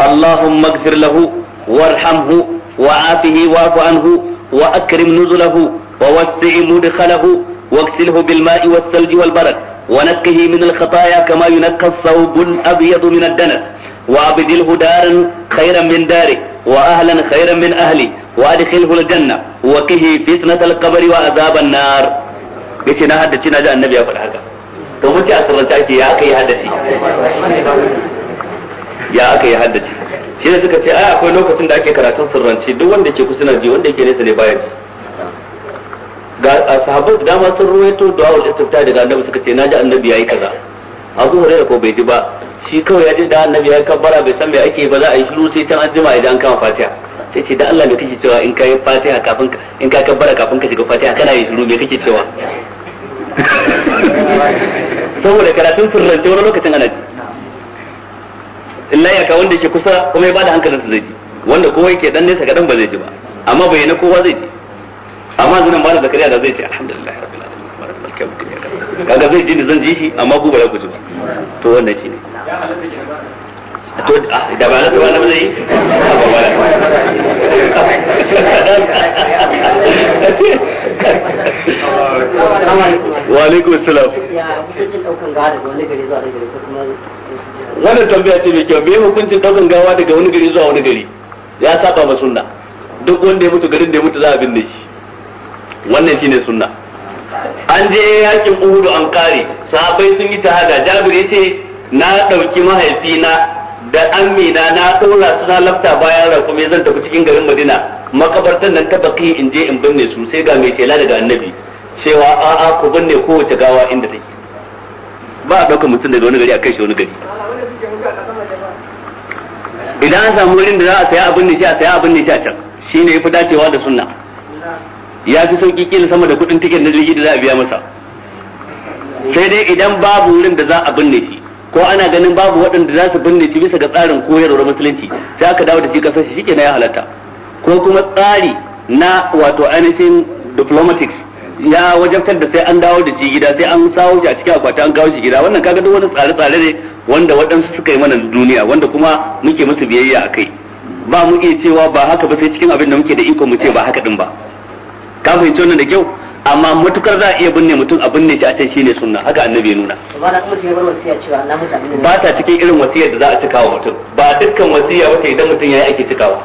اللهم اغفر له وارحمه وعافه واعف عنه وأكرم نزله ووسع مدخله واغسله بالماء والثلج والبرد ونقه من الخطايا كما ينقى الثوب الأبيض من الدنس وأبدله دارا خيرا من داره وأهلا خيرا من أهله وأدخله الجنة وقه فتنة القبر وعذاب النار yace na haddace na ji annabi ya to muke a sirrance ake ya aka yi haddace ya aka yi haddaci shi ne suka ce ai akwai lokacin da ake karatun sirrance duk wanda ke kusa na ji wanda ke nesa ne baya ji ga sahabbai da dama sun ruwaito du'a'ul istifta daga annabi suka ce naji annabi yayi kaza Abu Hurairah ko bai ji ba shi kawai ya ji da annabi ya kabbara bai san me ake ba za a yi shiru sai can anjima idan an kama Fatiha sai ce da Allah me kake cewa in kai Fatiha kafin in ka kabbara kafin ka shiga Fatiha kana yi shiru me kake cewa saboda karatun sirrance wani lokacin ana ji illa ya ka wanda yake kusa kuma ya bada hankalinsa zai ji wanda kowa yake dan nesa kadan ba zai ji ba amma bayyana kowa zai ji amma yanzu nan malam zakariya da zai ce alhamdulillah rabbil alamin kaga zai ji zan ji shi amma ku ba za ku ji ba to wannan shi ne to ah, da ba na ba na zai wa alaikum assalam wannan tambaya ce mai kyau me hukuncin daukan gawa daga wani gari zuwa wani gari ya saba ma sunna duk wanda ya mutu garin da ya mutu za a binne shi wannan shine sunna an je yakin uhudu an kare sahabbai sun yi tahada jabir yace na dauki mahaifina da amina na dora suna lafta bayan rakumi zan tafi cikin garin madina makabartan nan ta baki in je in binne su sai ga mai tela daga annabi cewa a'a ku binne kowace gawa inda take ba a ɗaukar mutum daga wani gari a kai shi wani gari idan an samu wurin da za a saya abin ne shi a saya abin ne shi a can shine yafi dacewa da sunna ya fi sauki kila sama da kuɗin tiket na jirgi da za a biya masa sai dai idan babu wurin da za a binne shi ko ana ganin babu waɗanda za su binne shi bisa ga tsarin koyarwar musulunci sai aka dawo da shi kasar shi na ya halatta ko kuma tsari na wato ainihin diplomatics ya wajabtar da sai an dawo da shi gida sai an sawo shi a cikin akwati an kawo shi gida wannan kaga duk wani tsare-tsare ne wanda waɗansu suka yi mana duniya wanda kuma muke musu biyayya a kai ba mu iya cewa ba haka ba sai cikin abin da muke da iko mu ce ba haka din ba ka fahimci wannan da kyau amma matukar za a iya binne mutum a binne shi a can shine sunna haka annabi ya nuna ba ta cikin irin wasiyar da za a cika wa mutum ba dukkan wasiya wata idan mutum yayi ake cikawa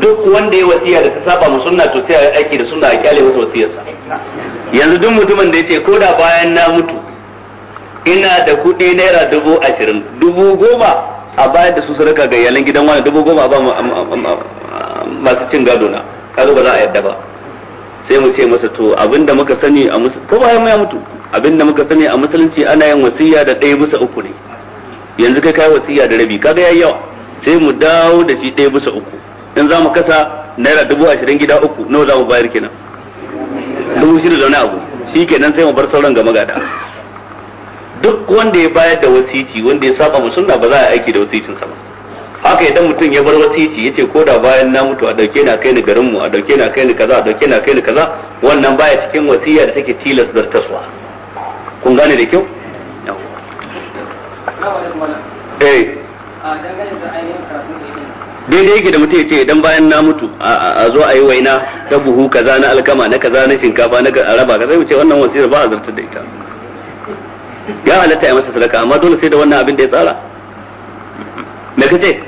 duk wanda ya wasiya da ta saba mu sunna to sai ya aiki da sunna a kyale masa wasiyarsa yanzu duk mutumin da yace ko da bayan na mutu ina da kuɗi naira dubu ashirin dubu goma a bayar da su sadaka ga iyalan gidan wani dubu goma ba masu cin gado na kaga ba za a yadda ba sai mu ce masa to abinda muka sani a musulunci ko bayan ya mutu abinda muka sani a musulunci ana yin wasiya da ɗaya bisa uku ne yanzu kai kai wasiya da rabi kaga yayi yawa sai mu dawo da shi ɗaya bisa uku in za mu kasa naira dubu ashirin gida uku nawa za mu bayar kenan dubu shida da wani abu shi kenan sai mu bar sauran ga magada duk wanda ya bayar da wasici wanda ya saba musulunci ba za a aiki da wasicin sama. ba haka idan mutum ya bar wasici yace ko da bayan na mutu a dauke na kai ni garin mu a dauke na kai ni kaza a dauke na kai ni kaza wannan baya cikin wasiya da take tilas zartaswa kun gane da kyau eh daidai yake da mutum ya ce idan bayan na mutu a zo a yi waina ta buhu kaza na alkama na kaza na shinkafa na araba kaza mu wuce wannan wasiyar ba a zartar da ita ya halatta ya masa sadaka amma dole sai da wannan abin da ya tsara me kace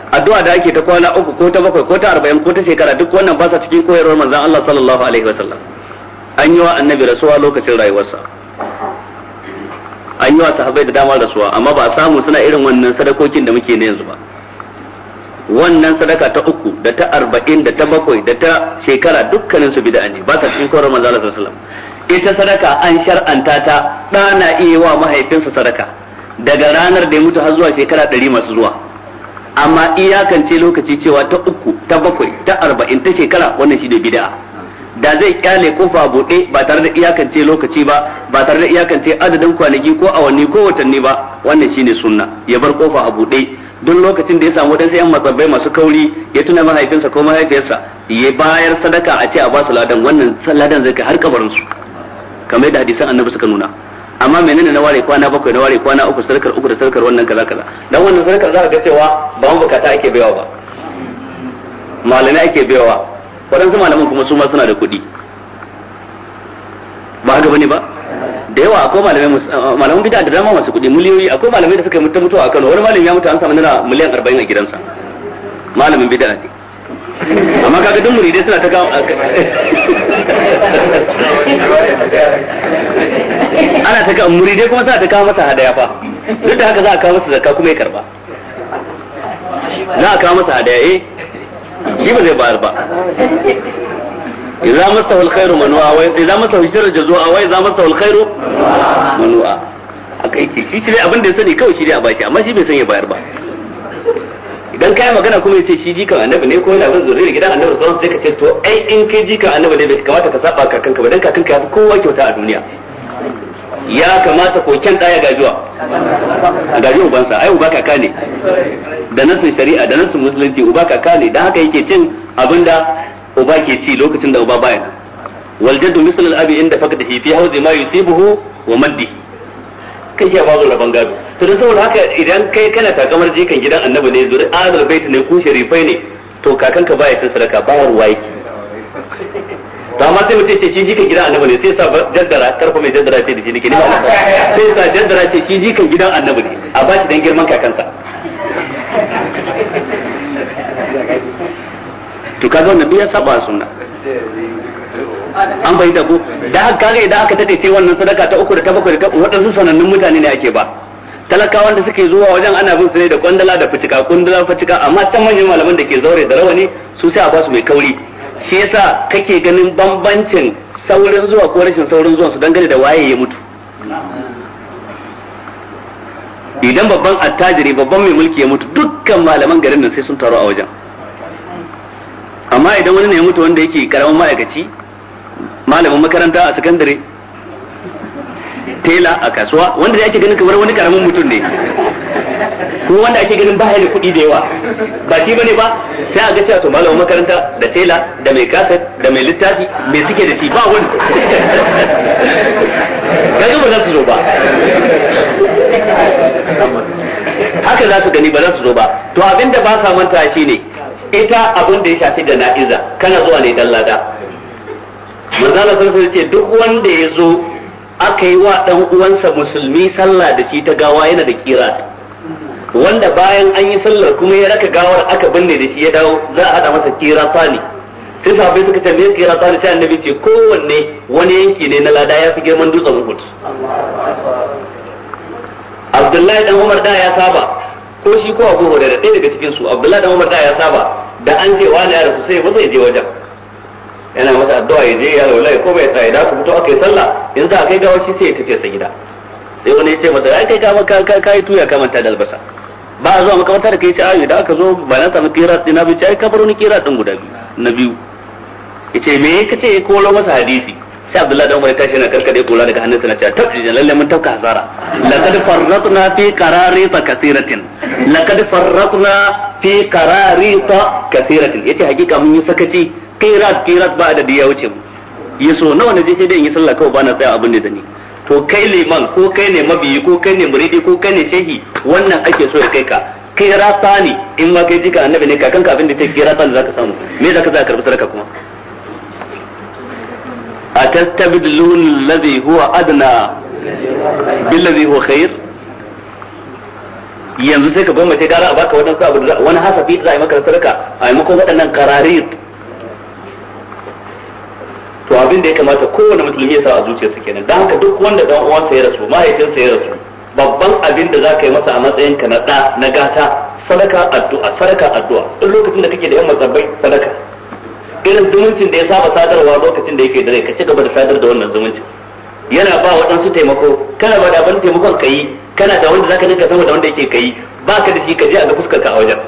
addu'a da ake ta kwana uku ko ta bakwai ko ta arba'in ko ta shekara duk wannan ba sa cikin koyarwar manzon Allah sallallahu alaihi wasallam an yi wa annabi rasuwa lokacin rayuwarsa an yi wa sahabbai da dama rasuwa amma ba samu suna irin wannan sadakokin da muke na yanzu ba wannan sadaka ta uku da ta arba'in da ta bakwai da ta shekara dukkanin su bid'a ne ba sa cikin koyarwar manzo Allah sallallahu alaihi ita sadaka an shar'anta ta ɗana iya wa mahaifinsa sadaka daga ranar da ya mutu har zuwa shekara ɗari masu zuwa amma iyakance lokaci cewa ta uku ta bakwai ta arba'in ta shekara wannan shi da bid'a da zai kyale kofa buɗe ba tare da iyakance lokaci ba ba tare da iyakance adadin kwanaki ko awanni ko watanni ba wannan shi ne sunna ya bar kofa a buɗe duk lokacin da ya samu wadansu yan matsabbai masu kauri ya tuna mahaifinsa ko mahaifiyarsa ya bayar sadaka a ce a basu ladan wannan ladan zai kai har kabarinsu kamar yadda hadisan annabi suka nuna amma menene na ware kwana bakwai na ware kwana uku sarkar uku da sarkar wannan kaza kaza dan wannan sarkar za ka ga cewa ba mu bukata ake bayawa ba malamai ake baiwa waɗansu malaman kuma su ma suna da kuɗi ba haka bane ba da yawa akwai malamai malaman bid'a da dama masu kuɗi miliyoyi akwai malamai da suka mutu mutuwa a Kano wani malami ya mutu an samu naira miliyan 40 a gidansa malamin bid'a ne amma kaga duk muridai suna ta kawo ana ta ga muridai kuma suna ta kawo masa hadaya fa duk da haka za a kawo masa zakka kuma ya karba za a kawo masa hadaya eh shi ba zai bayar ba idza masahu khairu manwa wa idza masahu sharru jazua wa idza masahu khairu manwa akai shi shi abin da ya sani kawai shi dai a baki amma shi bai san ya bayar ba dan kai magana kuma yace shi jikan annabi ne ko yana bin da gidan annabi sauran sai ka ce to ai in kai jikan annabi ne bai kamata ka saba kakanka ba dan kakanka ya fi kowa kyauta a duniya ya kamata ko kyan daya gajuwa a gaji ubansa ai uba kaka ne da nasin shari'a da nasin musulunci uba kaka ne dan haka yake cin abinda uba ke ci lokacin da uba baya wal jaddu misal al abi inda faqdihi fi hawzi ma yusibuhu wa maddi kai ya babu rabon gado to da saboda haka idan kai kana takamar jikan gidan annabi ne zuri alul bait ne ku sharifai ne to kakanka baya cin sadaka ba ruwa yake to amma sai mutum ce shi jikan gidan annabi ne sai sa jaddara tarfa mai jaddara ce da shi nake ne sai sa jaddara ce shi jikan gidan annabi ne a shi dan girman kakansa to kaga wannan duk ya saba sunna an bai da ko da haka kaga idan aka tace wannan sadaka ta uku da ta bakwai da waɗansu sanannun mutane ne ake ba talakawan da suke zuwa wajen ana bin su ne da kwandala da fucika kwandala fucika amma can manyan malaman da ke zaure da rawani su sai a ba su mai kauri shi yasa kake ganin bambancin saurin zuwa ko rashin saurin zuwan su dangane da waye ya mutu idan babban attajiri babban mai mulki ya mutu dukkan malaman garin nan sai sun taru a wajen amma idan wani ne ya mutu wanda yake karamin ma'aikaci malamin makaranta a sakandare tela a kasuwa wanda da ake ganin kamar wani karamin mutum ne ko wanda ake ganin ba da kuɗi da yawa ba shi bane ba sai a ga cewa to malamin makaranta da tela da mai kaset da mai littafi me suke da shi ba wani kaga ba za su zo ba haka za su gani ba za su zo ba to abin da ba sa manta ne ita abin da ya shafi da na'iza kana zuwa ne dan lada manzala sun ce duk wanda ya zo aka yi wa ɗan uwansa musulmi sallah da shi ta gawa yana da kira wanda bayan an yi sallar kuma ya raka gawar aka binne da shi ya dawo za a hada masa kira fani. sai sahabbai suka ce me kira fani sai annabi ce kowanne wani yanki ne na lada ya fi girman dutsen Uhud Abdullahi dan Umar da ya saba ko shi ko Abu Hurairah ɗaya daga cikin su Abdullahi dan Umar da ya saba da an ce wani ya rasu sai ba zai je wajen yana masa addu'a ya je ya laulaye ko bai sai da ku fito akai sallah in za a kai shi sai ya tafi sa gida sai wani ya ce masa ai kai ka ka kai tuya ka manta da albasa ba a zuwa makabarta da kai ce ayu da aka zo ba na samu kira din na bice ai ka baro ni kira din guda biyu na biyu yace me ka ce ko lo masa hadisi sai Abdullahi dan Umar tashi na karkade kula daga hannunsa na ce tabbi da lalle mun tauka hasara laqad farratna fi qararita kathiratin laqad farratna fi qararita kathiratin yace hakika mun yi sakaci kairat kairat ba da ya wuce ya so nawa na je sai dai in yi sallah kawai na tsaya abin da ni to kai liman ko kai ne mabiyi ko kai ne muridi ko kai ne shehi wannan ake so ya kai ka kirata ne in ma kai jika annabi ne kakan kafin da ce kirata ne zaka samu me zaka za karbi sadaka kuma atastabdilun ladhi huwa adna ladhi huwa khair yanzu sai ka bambace gara a baka wadansu abu wani hasafi da za a yi maka sadaka a yi maka waɗannan kararit to abin da ya kamata kowane musulmi ya sa a zuciyarsa kenan dan haka duk wanda dan uwansa ya rasu mahaifinsa ya rasu babban abin da zaka yi masa a matsayin ka na da na gata sadaka addu'a sadaka addu'a duk lokacin da kake da yan mazabbai sadaka irin zumuncin da ya saba sadarwa lokacin da yake da rai ka ci gaba da sadar da wannan zumuncin yana ba waɗansu taimako kana ba da abin taimakon ka yi kana da wanda zaka dinka sama da wanda yake kai baka da shi ka je a ga fuskar ka a wajen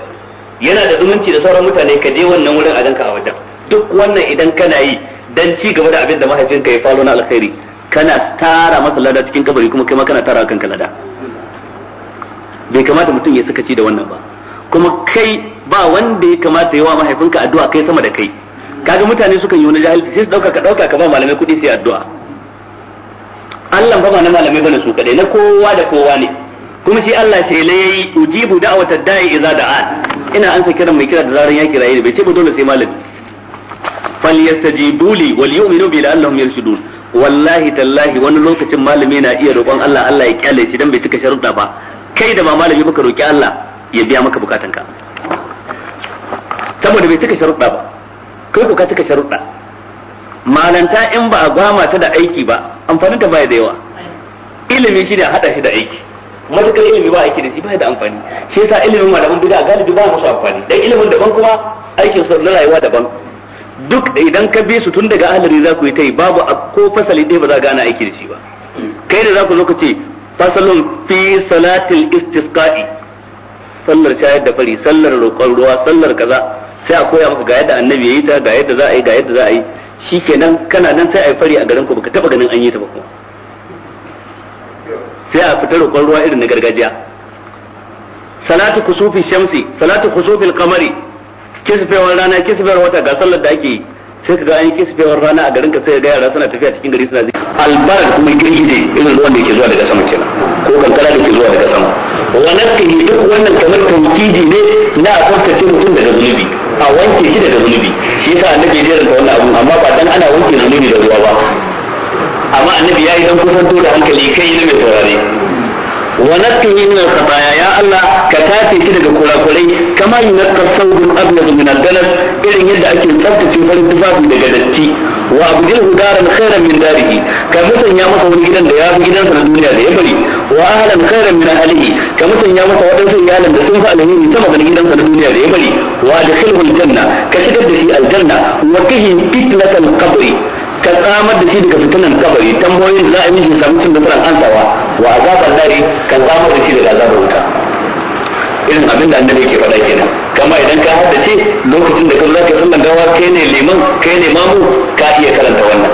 yana da zumunci da sauran mutane ka je wannan wurin a ganka a wajen duk wannan idan kana yi dan ci gaba da abin da mahaifinka ya falo na alkhairi kana tara masa lada cikin kabari kuma kai ma kana tara kanka lada bai kamata mutum ya saka ci da wannan ba kuma kai ba wanda ya kamata yawa mahaifinka addu'a kai sama da kai kaga mutane sukan yi wani jahilci sai su dauka ka dauka ka ba malamai kuɗi sai addu'a Allah ba na malamai bane su kadai na kowa da kowa ne kuma shi Allah sai layi yayi ujibu da'watad da'i idza da'an ina ansa kiran mai kira da zaran ya ne bai ce ba dole sai malami falyastajibu li wal yu'minu bi la'allahum yarshudun wallahi tallahi wani lokacin malami na iya roƙon Allah Allah ya kyale shi dan bai cika sharuɗa ba kai da ba malami baka roƙi Allah ya biya maka bukatanka saboda bai cika sharuɗa ba kai ko ka cika sharuɗa malanta in ba a gwama ta da aiki ba amfanin ta baya da yawa ilimi shi ne hada shi da aiki matukar ilimi ba aiki da shi baya da amfani shi yasa ilimin malaman bid'a galibi ba musu amfani dan ilimin daban kuma aikin sa na rayuwa daban duk idan ka bi su tun daga ahalari za ku yi ta yi babu a ko fasali ɗaya ba za gana aiki da shi ba kai da za ku zo ka ce fasalun fi salatil istisqa'i sallar shayar da fari sallar roƙon ruwa sallar kaza sai a koya maka ga yadda annabi yayi ta ga yadda za a yi ga yadda za a yi shikenan kana nan sai a yi fari a garin ku baka taba ganin an yi ta ba ku sai a fita roƙon ruwa irin na gargajiya salatu kusufi shamsi salatu kusufi kamari kisfewar rana kisfewar wata ga sallar da ake sai ka ga an yi kisfewar rana a garin ka sai ga yara suna tafiya cikin gari suna zai albarak kuma ne irin ruwan da yake zuwa daga sama kenan ko kankara da yake zuwa daga sama wannan kai duk wannan kamar tawkidi ne na tsaftace mutum daga zunubi a wanke shi daga zunubi shi yasa annabi ya ka wannan abu amma ba dan ana wanke zunubi da ruwa ba amma annabi ya yi dan kusanto da hankali kai ne mai saurare wa naqihi min al ya Allah ka tace shi daga kurakurai kama yunqqa sawbul abyad min al irin yadda ake tsaftace farin tufafi daga datti wa abdilhu daran khairan min ka musanya masa wani gidan da ya fi gidansa na duniya da ya bari wa halan khairan min ahlihi ka musanya masa wadansu iyalan da sun fi alheri sama da gidan na duniya da ya bari wa adkhilhu al-janna ka shigar da shi aljanna wa kihi fitnatal qabri ka tsamar da shi daga fitinan kabari tambayoyin da za a yi shi samun cin nasarar ansawa wa a zafar dari ka tsamar da shi daga zafar wuta irin abin da annabi ke faɗa kenan kama idan ka haddace lokacin da ka zo ka sallan gawa kai ne liman kai ne mamu ka iya karanta wannan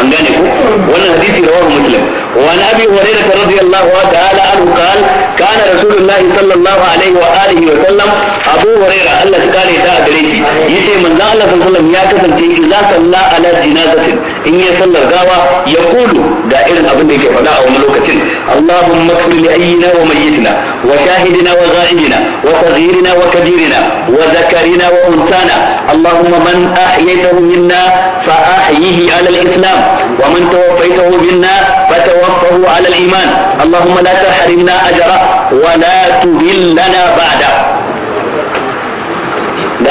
an gane ku. wannan hadisi rawar muslim wa abi hurairah radiyallahu ta'ala anhu qala kana rasulullahi sallallahu alaihi wa alihi wa sallam abu hurairah Allah ya kare ta gare shi yace manzo Allah sallallahu alaihi ya kasance idza salla ala jinazatin in ya sallar gawa ya kulu ga irin abin da yake faɗa a wani lokacin Allahumma kfir li ayyina wa mayyitina wa shahidina wa ghaibina wa saghirina wa kabirina wa zakarina wa unsana Allahumma man ahyaytahu minna fa ahyihi ala al-islam wa man توفيته منا فتوفه على الإيمان اللهم لا تحرمنا أجره ولا تذلنا بعده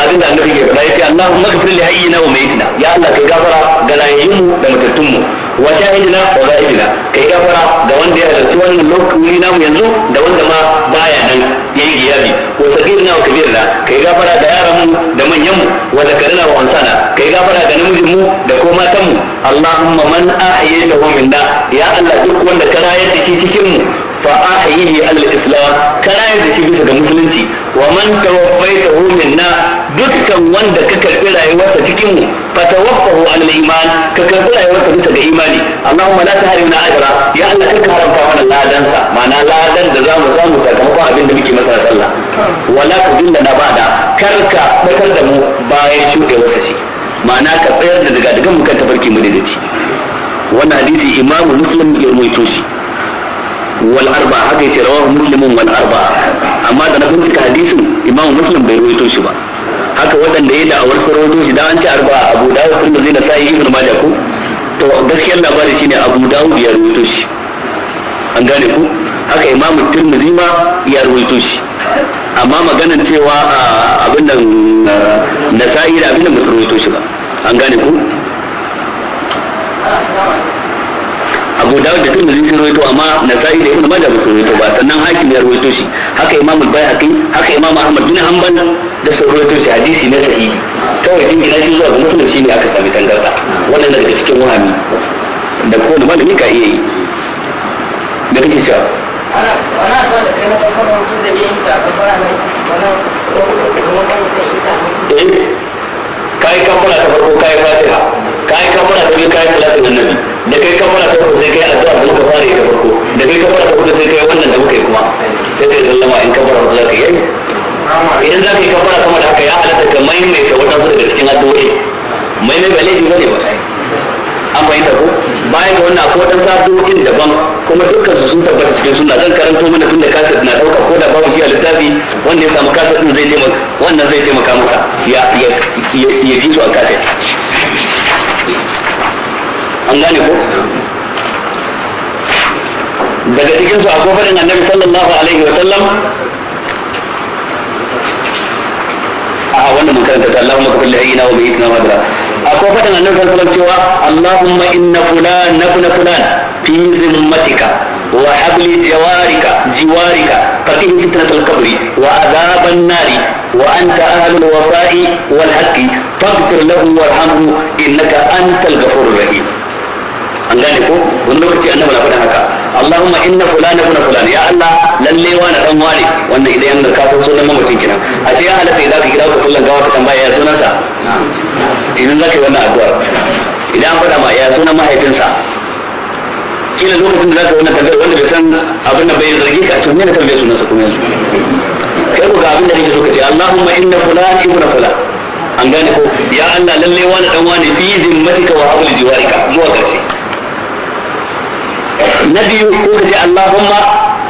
abinda annabi ke faɗa yake Allahumma ighfir li hayyina wa mayyitina ya Allah kai gafara ga rayayyunmu da matattunmu wa shahidina wa ghaibina kai gafara ga wanda ya halarci wannan lokaci mu yanzu da wanda ma baya nan yayi giyabi wa sagirna wa kabirna kai gafara da yaranmu da manyanmu wa zakarina wa ansana kai gafara ga mu da ko matanmu Allahumma man ahyaytahu minna ya Allah duk wanda ka rayar da shi cikin mu Wa ahyihi al islam ka yadda da shi bisa ga musulunci wa man tawaffaitahu minna dukkan wanda ka karbi rayuwarsa cikin mu fa tawaffahu al iman ka karbi rayuwarsa bisa ga imani allahumma la tahrimna ajra ya allah ka haramta mana ladan sa mana ladan da zamu samu sakamakon abin da muke masa sallah wala na ba'da karka bakar da mu bayan shudewar shi ma'ana ka tsayar da daga daga mu kan tafarki mu daidaiti wannan hadisi imamu muslim ya ruwaito shi wal arba haka yace rawahu muslimun wal arba amma da na bincika hadisin imamu muslim bai rawaito shi ba haka waɗanda ya da'awar sun rawaito shi da an ce arba abu dawud sun da zai na sa'i ibn majah ko to gaskiyar labari shine abu dawud ya rawaito shi an gane ku haka imamu tirmidhi ma ya rawaito shi amma maganan cewa abin nan nasa'i da abin da musu rawaito shi ba an gane ku abu dawud da tirmidhi sun rawaito amma sa'i da majah rawaito ba sannan hakim ya rawaito shi haka imam al haka imam ahmad bin hanbal da su rawaito shi hadisi na sahihi kawai din gina shi zuwa ga mutum ne aka sami tangarda wannan daga cikin wahami da da malami ka iya yi da kake cewa kayi eh, ta farko kayi fatiha kayi ta biyu kayi annabi da kai kafara ta uku sai kai addu'a da muka fara ta farko da kai kafara ta uku sai kai wannan da muka yi kuma sai kai sallama in kafara za ka yi idan za ka yi kafara sama da haka ya halatta ka wata wadansu daga cikin addu'o'i maimai ba laifi ne ba an fahimta ko bayan ga wannan akwai wadansu addu'o'in daban kuma dukkan su sun tabbata cikin sunna zan karanto mana tun da kaset na dauka ko da babu shi a littafi wanda ya samu kaset din zai taimaka wannan zai taimaka maka ya ya ya ji su a kaset an gane ko daga cikin su akwai faɗin annabi sallallahu alaihi wa sallam a wannan mun karanta ta Allahumma kafil hayyina wa bayyitina wa adra akwai faɗin annabi sallallahu alaihi wa sallam cewa Allahumma inna fulan nabna fulan fi zimmatika wa habli jawarika jiwarika faqih fitnatul qabri wa adhaban nari وأنت أهل الوفاء والحق فاغفر له وارحمه إنك أنت الغفور الرحيم an gane ko wani lokaci annabi na faɗa haka Allahumma inna fulana kuna fulana ya Allah lalle wani dan wani wannan idan yanzu ka san sunan mamacin kina a ce ya halatta idan ka kira ku sallan gawa ka tambaya ya sunansa idan zaka yi wannan addu'a idan an faɗa ma ya sunan mahaifinsa kila lokacin da za ka wannan tambayar wanda bai san abin da bai zargi ka to me ne tambayar sunansa kuma yanzu kai ku ga abin da nake so ka ce Allahumma inna fulan ibn fulan an gane ko ya Allah lalle wani dan wani bi zimmatika wa hawli jiwarika zuwa karshe na biyu ko ka ce Allahumma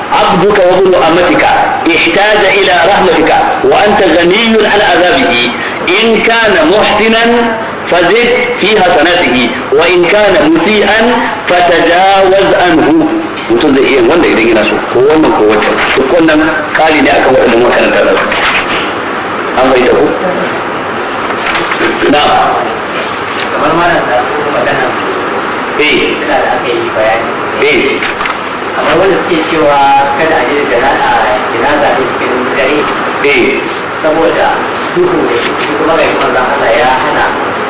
abduka wa bunu amatika ihtaja ila rahmatika wa anta zaniyu an azabihi in kana muhsinan fazid fi hasanatihi wa in musian fatajawaz anhu mutum zai iya wanda idan yana so ko wannan ko wancan duk wannan kali ne akan waɗannan makarantar da an bai da ku na kamar malam da magana eh da aka yi bayani eh amma wanda suke cewa kada a je da janaza ne cikin dare eh saboda duhu ne shi kuma mai manzan ya hana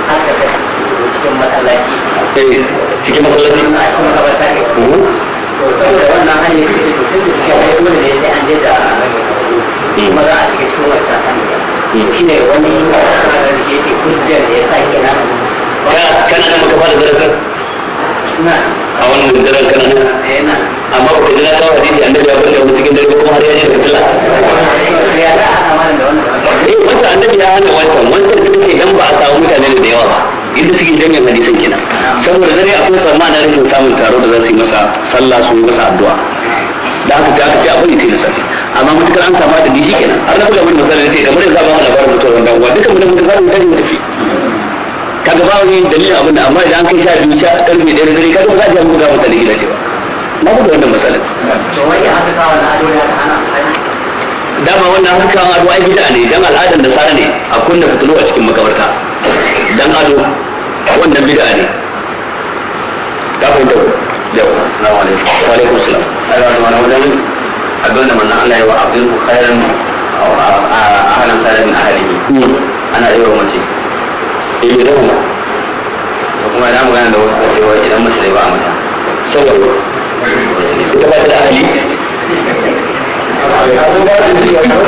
haka da cikin matsalaci cikin a ne to saboda wannan hanyar da sai suke an je da kuma za a cikin wata shi ne wani da yake da ya sa da a wannan daren kan nan amma ba ka ji na annabi ya bada mu cikin dare kuma har ya shi fitila eh wata annabi ya hana wancan wancan da take dan ba a samu mutane da yawa ba inda suke janyar hadisin kina saboda dare akwai tsammanin rashin samun taro da za su yi masa sallah su masa addu'a da aka ce ce abin da safe amma mutukar an samu da dishi kenan har na buga mun misalin da ce kamar yanzu ba mu labarin mutuwar wanda uwa dukan mun da mutum tafi kaga ba wani dalilin abin da amma idan an kai sha biyu sha karfe ɗaya da dare kaga ba za a ji muku ga mutane gida ce ba na ku da wannan matsalar. dama wannan haskawan ado ai bid'a ne dan al'adar da sara ne a kunna fitilu a cikin makabarta dan ado wannan bid'a ne ka fahimta ko yau assalamu alaikum wa alaikum assalam ai wannan wannan abin da manzo Allah ya wa abdul khairan ahlan salam ahlihi ana yi wa mace sai ya zama kuma na da wasu cewa idan mace ba a mata saboda ita ba ta ahli lokacin da aka kai lokacin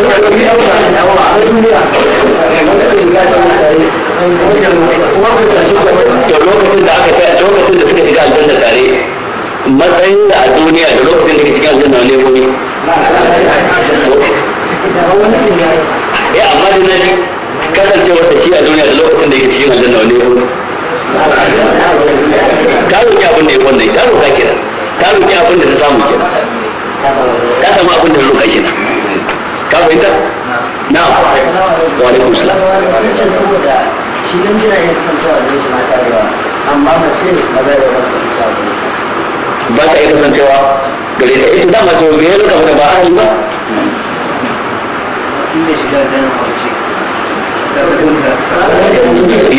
da suka shiga aljanna tare matsayin da a duniya da lokacin da shiga aljanna ne wani eh, ya amma da na kasancewar ta shi a duniya da lokacin da yake cikin aljanna wani ya ta roƙi abin da ya wannan ta roƙa kenan ta roƙi abin da ta samu kenan ta samu abin da ta roƙa kenan ka fahimta na wa alaikum salam shi amma mace ba zai ta yi kasancewa gare ta ita dama to me ya rika mata ba ahli ba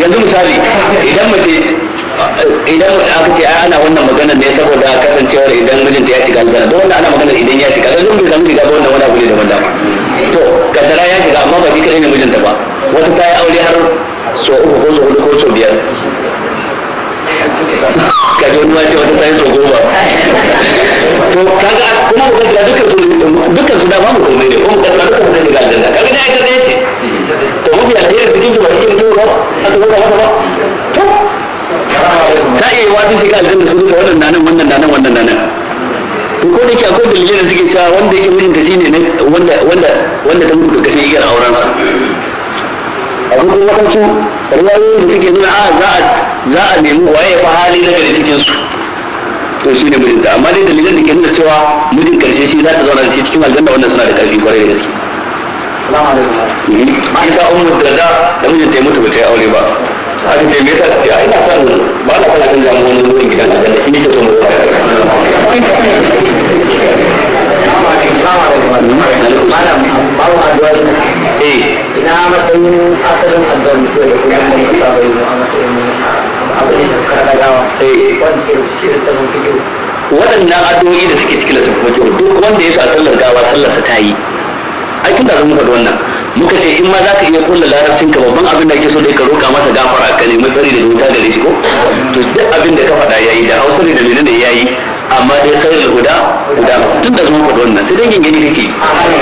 yanzu misali idan mace idan aka ce ana wannan magana ne saboda kasancewar idan mijinta ya shiga aljanna don wanda ana magana idan ya shiga zan bai samu shiga ba wannan wani abu ne daban dama to kaddara ya shiga amma ba shi kadai ne ta ba wata ta yi aure har so uku ko so hudu ko so biyar ka ji wani wace wata ta yi so goma to kaga kuma mu kaddara dukkan su dukkan su dama mu komai ne kuma kaddara dukkan su ne shiga aljanna kaga ne ya ta ce to mafi alheri ba aka buga masa ba to ta iya yiwa sun shiga aljanna su rufe wannan nanan wannan nanan wannan nanan to ko da ke akwai dalilai da suke cewa wanda yake mijinta shine ne wanda wanda wanda ta mutu kashe igiyar auren sa akwai kuma wadansu riwayoyin da suke nuna a ah, za a za a nemi waye fa hali na gari cikin su to shi ne mijinta amma dai dalilan da ke nuna cewa mijin karshe shi za ta zauna da shi cikin aljanna wannan suna da karfi kwarai da gaske ita ummu darda da mijin ta mutu bata yi aure ba a ce me yasa ta ce ai ina ba na son da mu wani wurin gidan aljanna shi da ne da ke shirin tsarin waɗannan addu'o'i da suke cikin lissafin duk wanda ya sa sallar gawa sallarsa ta yi ai tun da zan muka da wannan muka ce in ma za ka iya kulla larabcin ka babban abin da ake so dai ka roƙa masa gafara ka nemi tsari da wuta da shi ko to duk abin da ka faɗa yayi da hausa da menene yayi amma dai kai da guda guda tun da zuwa kudon nan sai dangin gani kake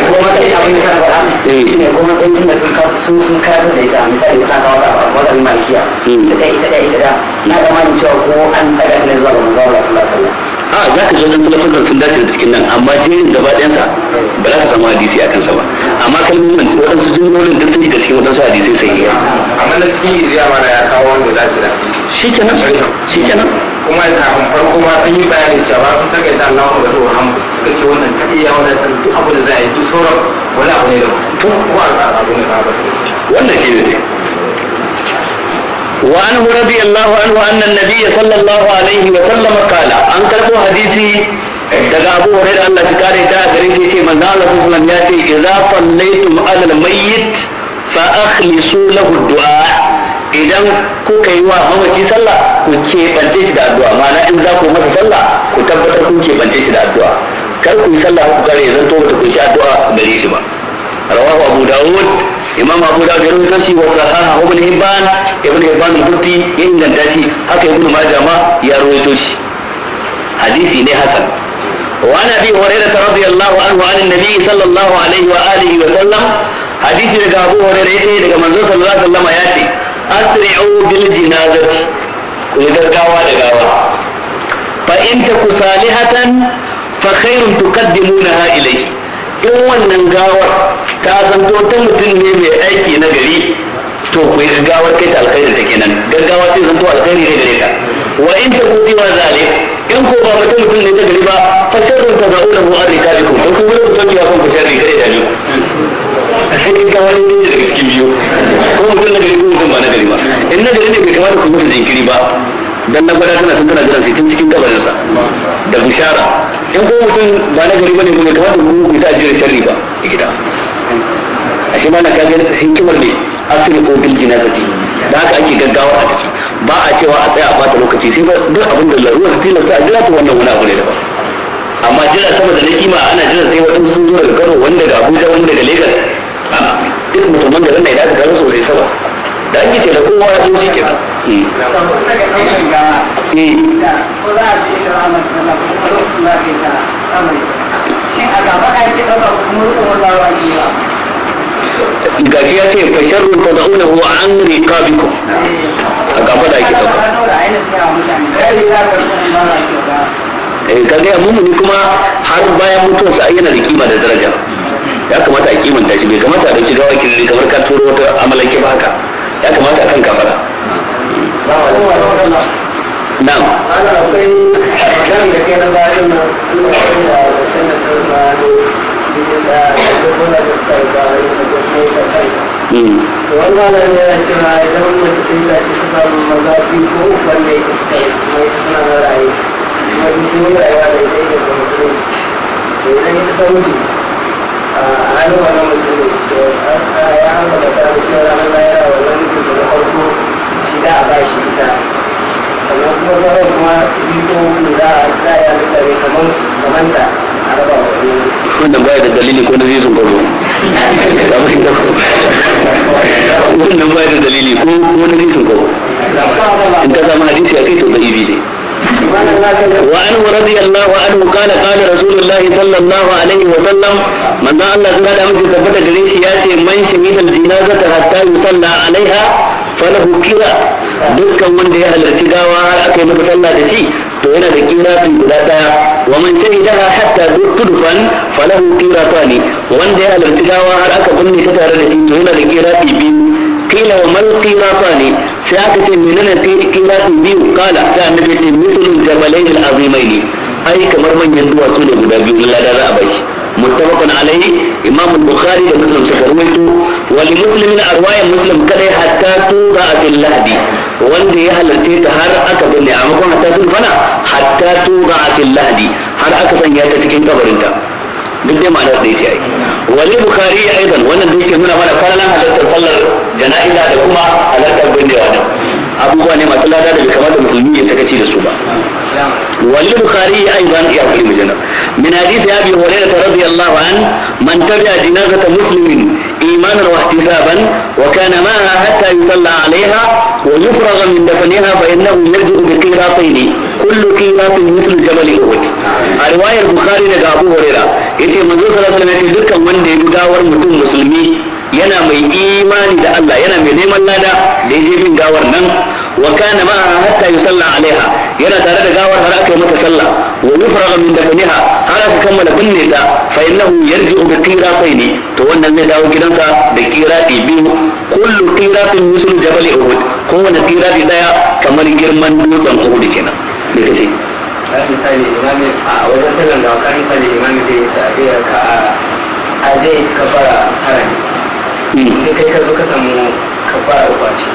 kuma eh. kai abin da ka faɗa ne kuma da sun sun sun kawo da ita misali sun kawo da wannan malkiya da kai da kai da na ga mani cewa ko an daga ne zuwa ga manzo Allah sallallahu alaihi wasallam a ah, za ka zo don lafazan sun dace da cikin nan amma jerin gaba ɗayansa ba za ka samu hadisi a kansa ba amma kalmomin waɗansu jumlolin duk sun shiga cikin waɗansu hadisai sai amma na cikin amma mana ya kawo wanda dace da shi kenan shi kenan kuma kafin farko ma sun yi bayani cewa sun saka da Allahu wa Rasuluhu hamdu suka ce wannan ta iya wannan san duk abu da za a yi duk sauran wani abu ne da a ko abu ne da ba wannan shi ne وعنه رضي الله عنه أن النبي صلى الله عليه وسلم قال أن تركوا حديثي daga abu hore da Allah shi kare ta gare shi ce manzo Allah sallallahu alaihi wasallam ya ce idza sallaytum ala al-mayyit fa idan ka yi wa mamaci sallah ku keɓance shi da addu'a ma'ana in za ku masa sallah ku tabbatar kun keɓance shi da addu'a kar ku yi sallah ku kare zan to ku kunshi addu'a gare shi ba rawahu abu dawud imam abu dawud ya rubuta shi wa sahaha ibn hibban ibn hibban al-busti ya inganta shi haka ibn majah ma ya rubuto shi hadisi ne hasan وعن ابي هريره رضي الله عنه عن النبي صلى الله عليه واله وسلم حديث daga abu hurairah yake daga manzon sallallahu alaihi wasallam ya ce asri'u bil jinazati ku yi gaggawa da gawa fa in taku salihatan fa khairun tuqaddimunaha ilayhi in wannan gawar ta ta mutum ne mai aiki to ku yi gaggawar kai ta alkhairi kenan gaggawa sai zanto alkhairi ne gare ka wa in taku diwa zalik in ko ba mutum mutum ne ta gari ba fa sharrun tazaunahu an rikabikum in ku gudu ku sauke wa kanku sharri kare da ni sai gaggawa ne da cikin biyu ko mutum na gari ko in na gari ne bai kamata ku musu jinkiri ba dan na gwada tana tana jiran sai tun cikin kabarinsa da bishara in ko mutum ba na gari bane bai kamata ku ku ta jira sharri ba a gida a shi mana kaga hikimar ne asiri ko bil jinazati da haka ake gaggawa a ciki ba a cewa a tsaya a bata lokaci sai ba duk abin da laruwar tilasta a jira ta wannan wani abu ne daban amma jira sama da na kima ana jira sai wani sun zo daga Kano wanda daga Abuja wanda daga Lagos duk mutum da zan da ya dace da su sai saba da an yi da kowa ya zo shi kenan eh. eh ga shi ya ce fa sharru tad'unahu an riqabikum a gaba da ake dauka eh ka ga mumuni kuma har bayan mutuwarsa ai yana da kima da daraja ya kamata a kimanta shi bai kamata da shiga gawa kamar ka turo wata amalanke ba haka ya kamata akan kafara na'am wannan yana cewa maza biyu ko uban da ya ci suka mai suna na raye kuma biyu da ya yi da mutum ta a wannan farko shi da a bashi ita sannan kuma zarar kuma biyu wanda za a za a yi da kamar kamar ta a raba wa wani wanda da dalili ko na zai sun gado wannan baya da dalili ko zai sun gado in zama hadisi a kai to da ibi ne وعنه رضي الله عنه قال قال رسول الله صلى الله عليه وسلم من الله أمس ياتي من الجنازة حتى يصلى عليها falahu kira dukkan wanda ya halarci gawa aka yi maka sallah da shi to yana da kirafi guda daya wa man shahidaha hatta tudfan falahu qiratani wanda ya halarci gawa har aka binne ta tare da shi to yana da kirafi biyu kila wa kira qiratani sai aka ce menene kirafi biyu kala sai annabi ce mislul jabalain al ai kamar manyan duwatsu ne guda biyu na Ladara za a bashi muttafaqun alaihi imam bukhari da muslim suka rawaito wa li muslimin arwayan muslim kada hatta tura fil lahdi wanda ya halarce ta har aka binne a makon hatta tun fana hatta tura fil lahdi har aka sanya ta cikin kabarinta duk dai ma'anar da yake ai wani bukhari ya aidan wannan da yake nuna mana falalan halartar sallar jana'iza da kuma halartar binnewa din abubuwa ne masu lada da bai kamata musulmi ya takaci da su ba wali bukhari ya aidan ya kuli mujana min hadith ta hurairah Allah an man tabi'a jinazata muslimin wa wa ihtisaban kana ma ايمانا واحتسابا وكان معها حتى يصلى عليها ويفرغ من دفنها فانه qiratin بقيراطين كل قيراط مثل جبل احد روايه البخاري Abu هريره yace manzo sallallahu alaihi wasallam dukkan wanda ya gawar mutum musulmi yana mai imani da Allah yana mai neman lada da ya bin gawar nan wa kana ma hatta yusalla alaiha yana tare da gawar har aka yi mata sallah wa yufraga min dafniha har aka kammala binne ta fa innahu yarji'u bi qiratayni to wannan zai dawo gidansa da qirati biyu kullu qiratin mislu jabal uhud kowane qirati daya kamar girman dutsen uhud kenan ne kace a wajen sallan da wakar misali imamin da ya tafi ka a zai kafara harami sai kai ka zo ka samu ka fara kwaci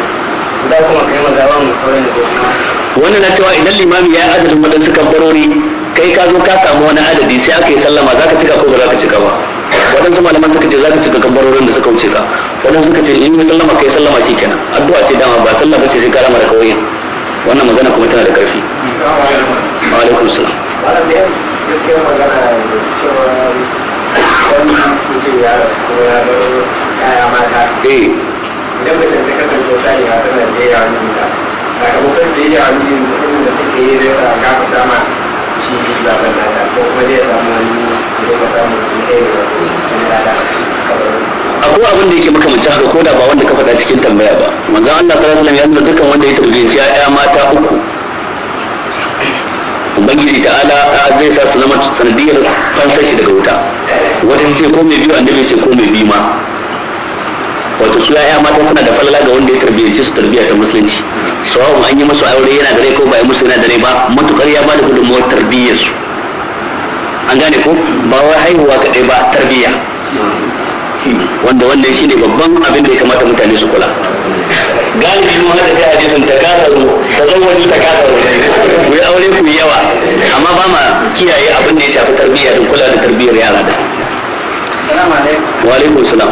da kuma kai magawa mu sauran da kuma wannan na cewa idan limami ya adadin waɗansu kabbarori kai ka zo ka samu wani adadi sai aka yi sallama za ka cika ko ba za ka cika ba waɗansu malaman suka ce za ka cika kabbarorin da suka wuce ka waɗansu suka ce in yi sallama kai sallama shi kenan addu'a ce dama ba sallama ba ce sai karama da kauye wannan magana kuma tana da ƙarfi wa alaikum salam magana cewa wani mutum ya rasu ko ya yaya mata eh idan ta ko kuma zai yake haka ko da ba wanda ka faɗa cikin tambaya ba manzo Allah sallallahu alaihi wasallam ya nuna dukkan wanda ya tarbiyyanci ya mata uku ubangiji ta ala zai sa su zama sanadiyar fansar shi daga wuta wata ce ko mai biyu annabi ce ko mai biyu ma wato su ya'ya mata suna da falala ga wanda ya tarbiyyance su tarbiyya ta musulunci sawan an yi musu aure yana da rai ko ba ya musu yana da rai ba matukar ya bada gudunmawar tarbiyyar su an gane ko ba wai haihuwa kadai ba tarbiyya wanda wannan shine babban abin da ya kamata mutane su kula galibi mu hada sai hadisin ta kasaru ta zawani ta kasaru ku yi aure ku yi yawa amma ba ma kiyaye abin da ya shafi tarbiyya din kula da tarbiyyar yara da wa alaikum salam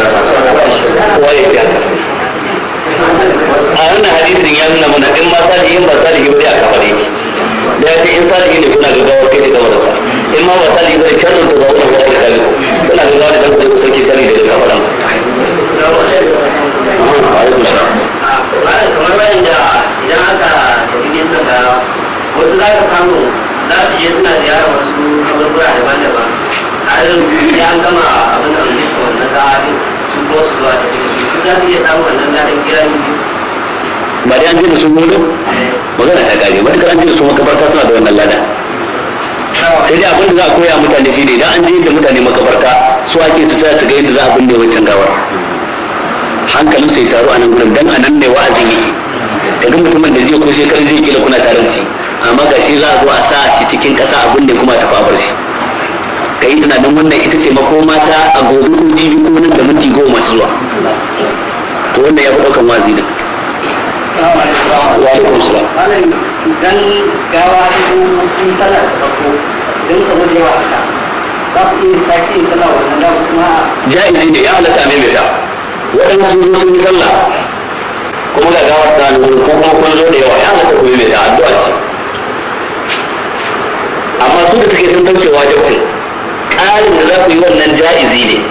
a wannan hadisin ya nuna mana in ma salihin ba salihi ba dai a kafa ne da ya ce in salihi ne kuna gaggawa kai da gawar in ma ba salihi ba da kyarun ta zaɓa wata da kalu kuna gaggawa da kanku da ku sani da daga da idan aka ka ra'ayi ba dai an ji da gudu magana ta gari matakar an ji da su makabarta suna da wannan lada sai dai abinda za a koya mutane shi ne idan an ji da mutane makabarta su ake su tsaya su ga yadda za a binne wancan gawar hankalin sai taru a nan gudun dan a nan ne wa'azin yake kaga mutumin da zai ko shekaru zai kila kuna tarin shi amma ga shi za a zo a sa shi cikin kasa abin da kuma ta fabar shi ka yi tunanin wannan ita ce makoma mata a gobe ko jibi ko nan da minti goma masu zuwa to wannan ya fi ɗaukan wazi da wa alaikum salam dan gawa su sun sana da farko idan ka zo da yawa haka za ku iya sake yin sallah wannan da kuma ja'izi ne ya halatta ne mai da waɗansu sun sun yi sallah kuma ga gawar ta ne ko kuma kun zo da yawa ya halatta ku yi mai da addu'a ce amma su da suke sun tancewa jaukai halin da za ku yi wannan ja'izi ne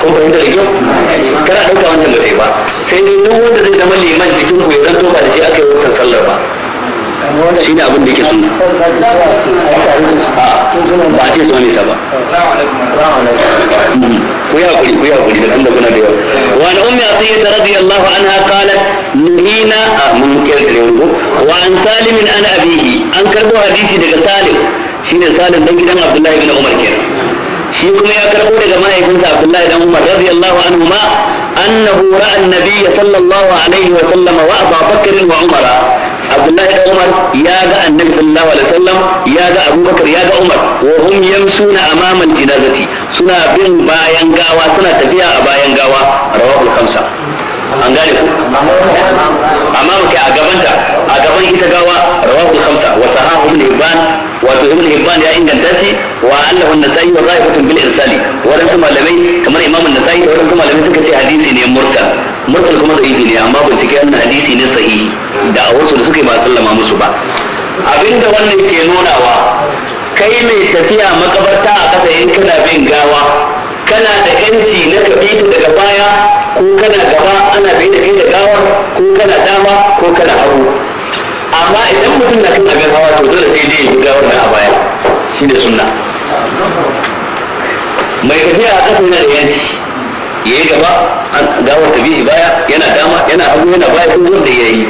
kun fahimta da kyau kana ɗauka wancan da ba sai dai duk wanda zai zama liman jikin ku ya zanto ba da shi aka yi wancan sallar ba shi ne abin da yake suna ba a ce su ne ta ba ku ya kuri ku ya kuri da kanda kuna da yawa wa an ummi atiyya radiyallahu anha qalat nuhina a mun kirkire ku wa an salim an abihi an karbo hadisi daga salim shine salim dan gidan abdullahi bin umar kenan shi kuma ya karɓo daga mahaifinsa abdullahi dan umar radiyallahu anhu ma annahu ra'a an-nabiyya sallallahu alaihi wa sallama wa abu bakr wa umara abdullahi da umar ya ga annabi sallallahu alaihi wasallam ya ga abubakar ya ga umar wa hum yamsuna amaman jinazati suna bin bayan gawa suna tafiya a bayan gawa rawahul khamsa an gane ku amma muke a gaban gabanta a gaban ita gawa rawahul khamsa wa sahahu ibn hibban wato ibn hibban ya inganta shi wa annahu an-nasai wa za'ifatun bil irsali wadan kuma malamai kamar imamu an-nasai da wadan malamai suka ce hadisi ne mursal mursal kuma da'ifi ne amma bincike wannan hadisi ne sahihi da a wasu suka yi ba sallama musu ba abinda wannan ke nunawa kai mai tafiya makabarta a kasa in kana bin gawa kana da yanci na kabi daga baya ko kana gaba ana bai da kai da gawa ko kana dama ko kana hagu amma idan mutum na kan abin hawa to dole sai dai ya wannan a baya shi ne sunna mai tafiya a kasa yana da yanci ya yi gaba gawar ta biyu baya yana dama yana hagu yana baya duk wanda ya yi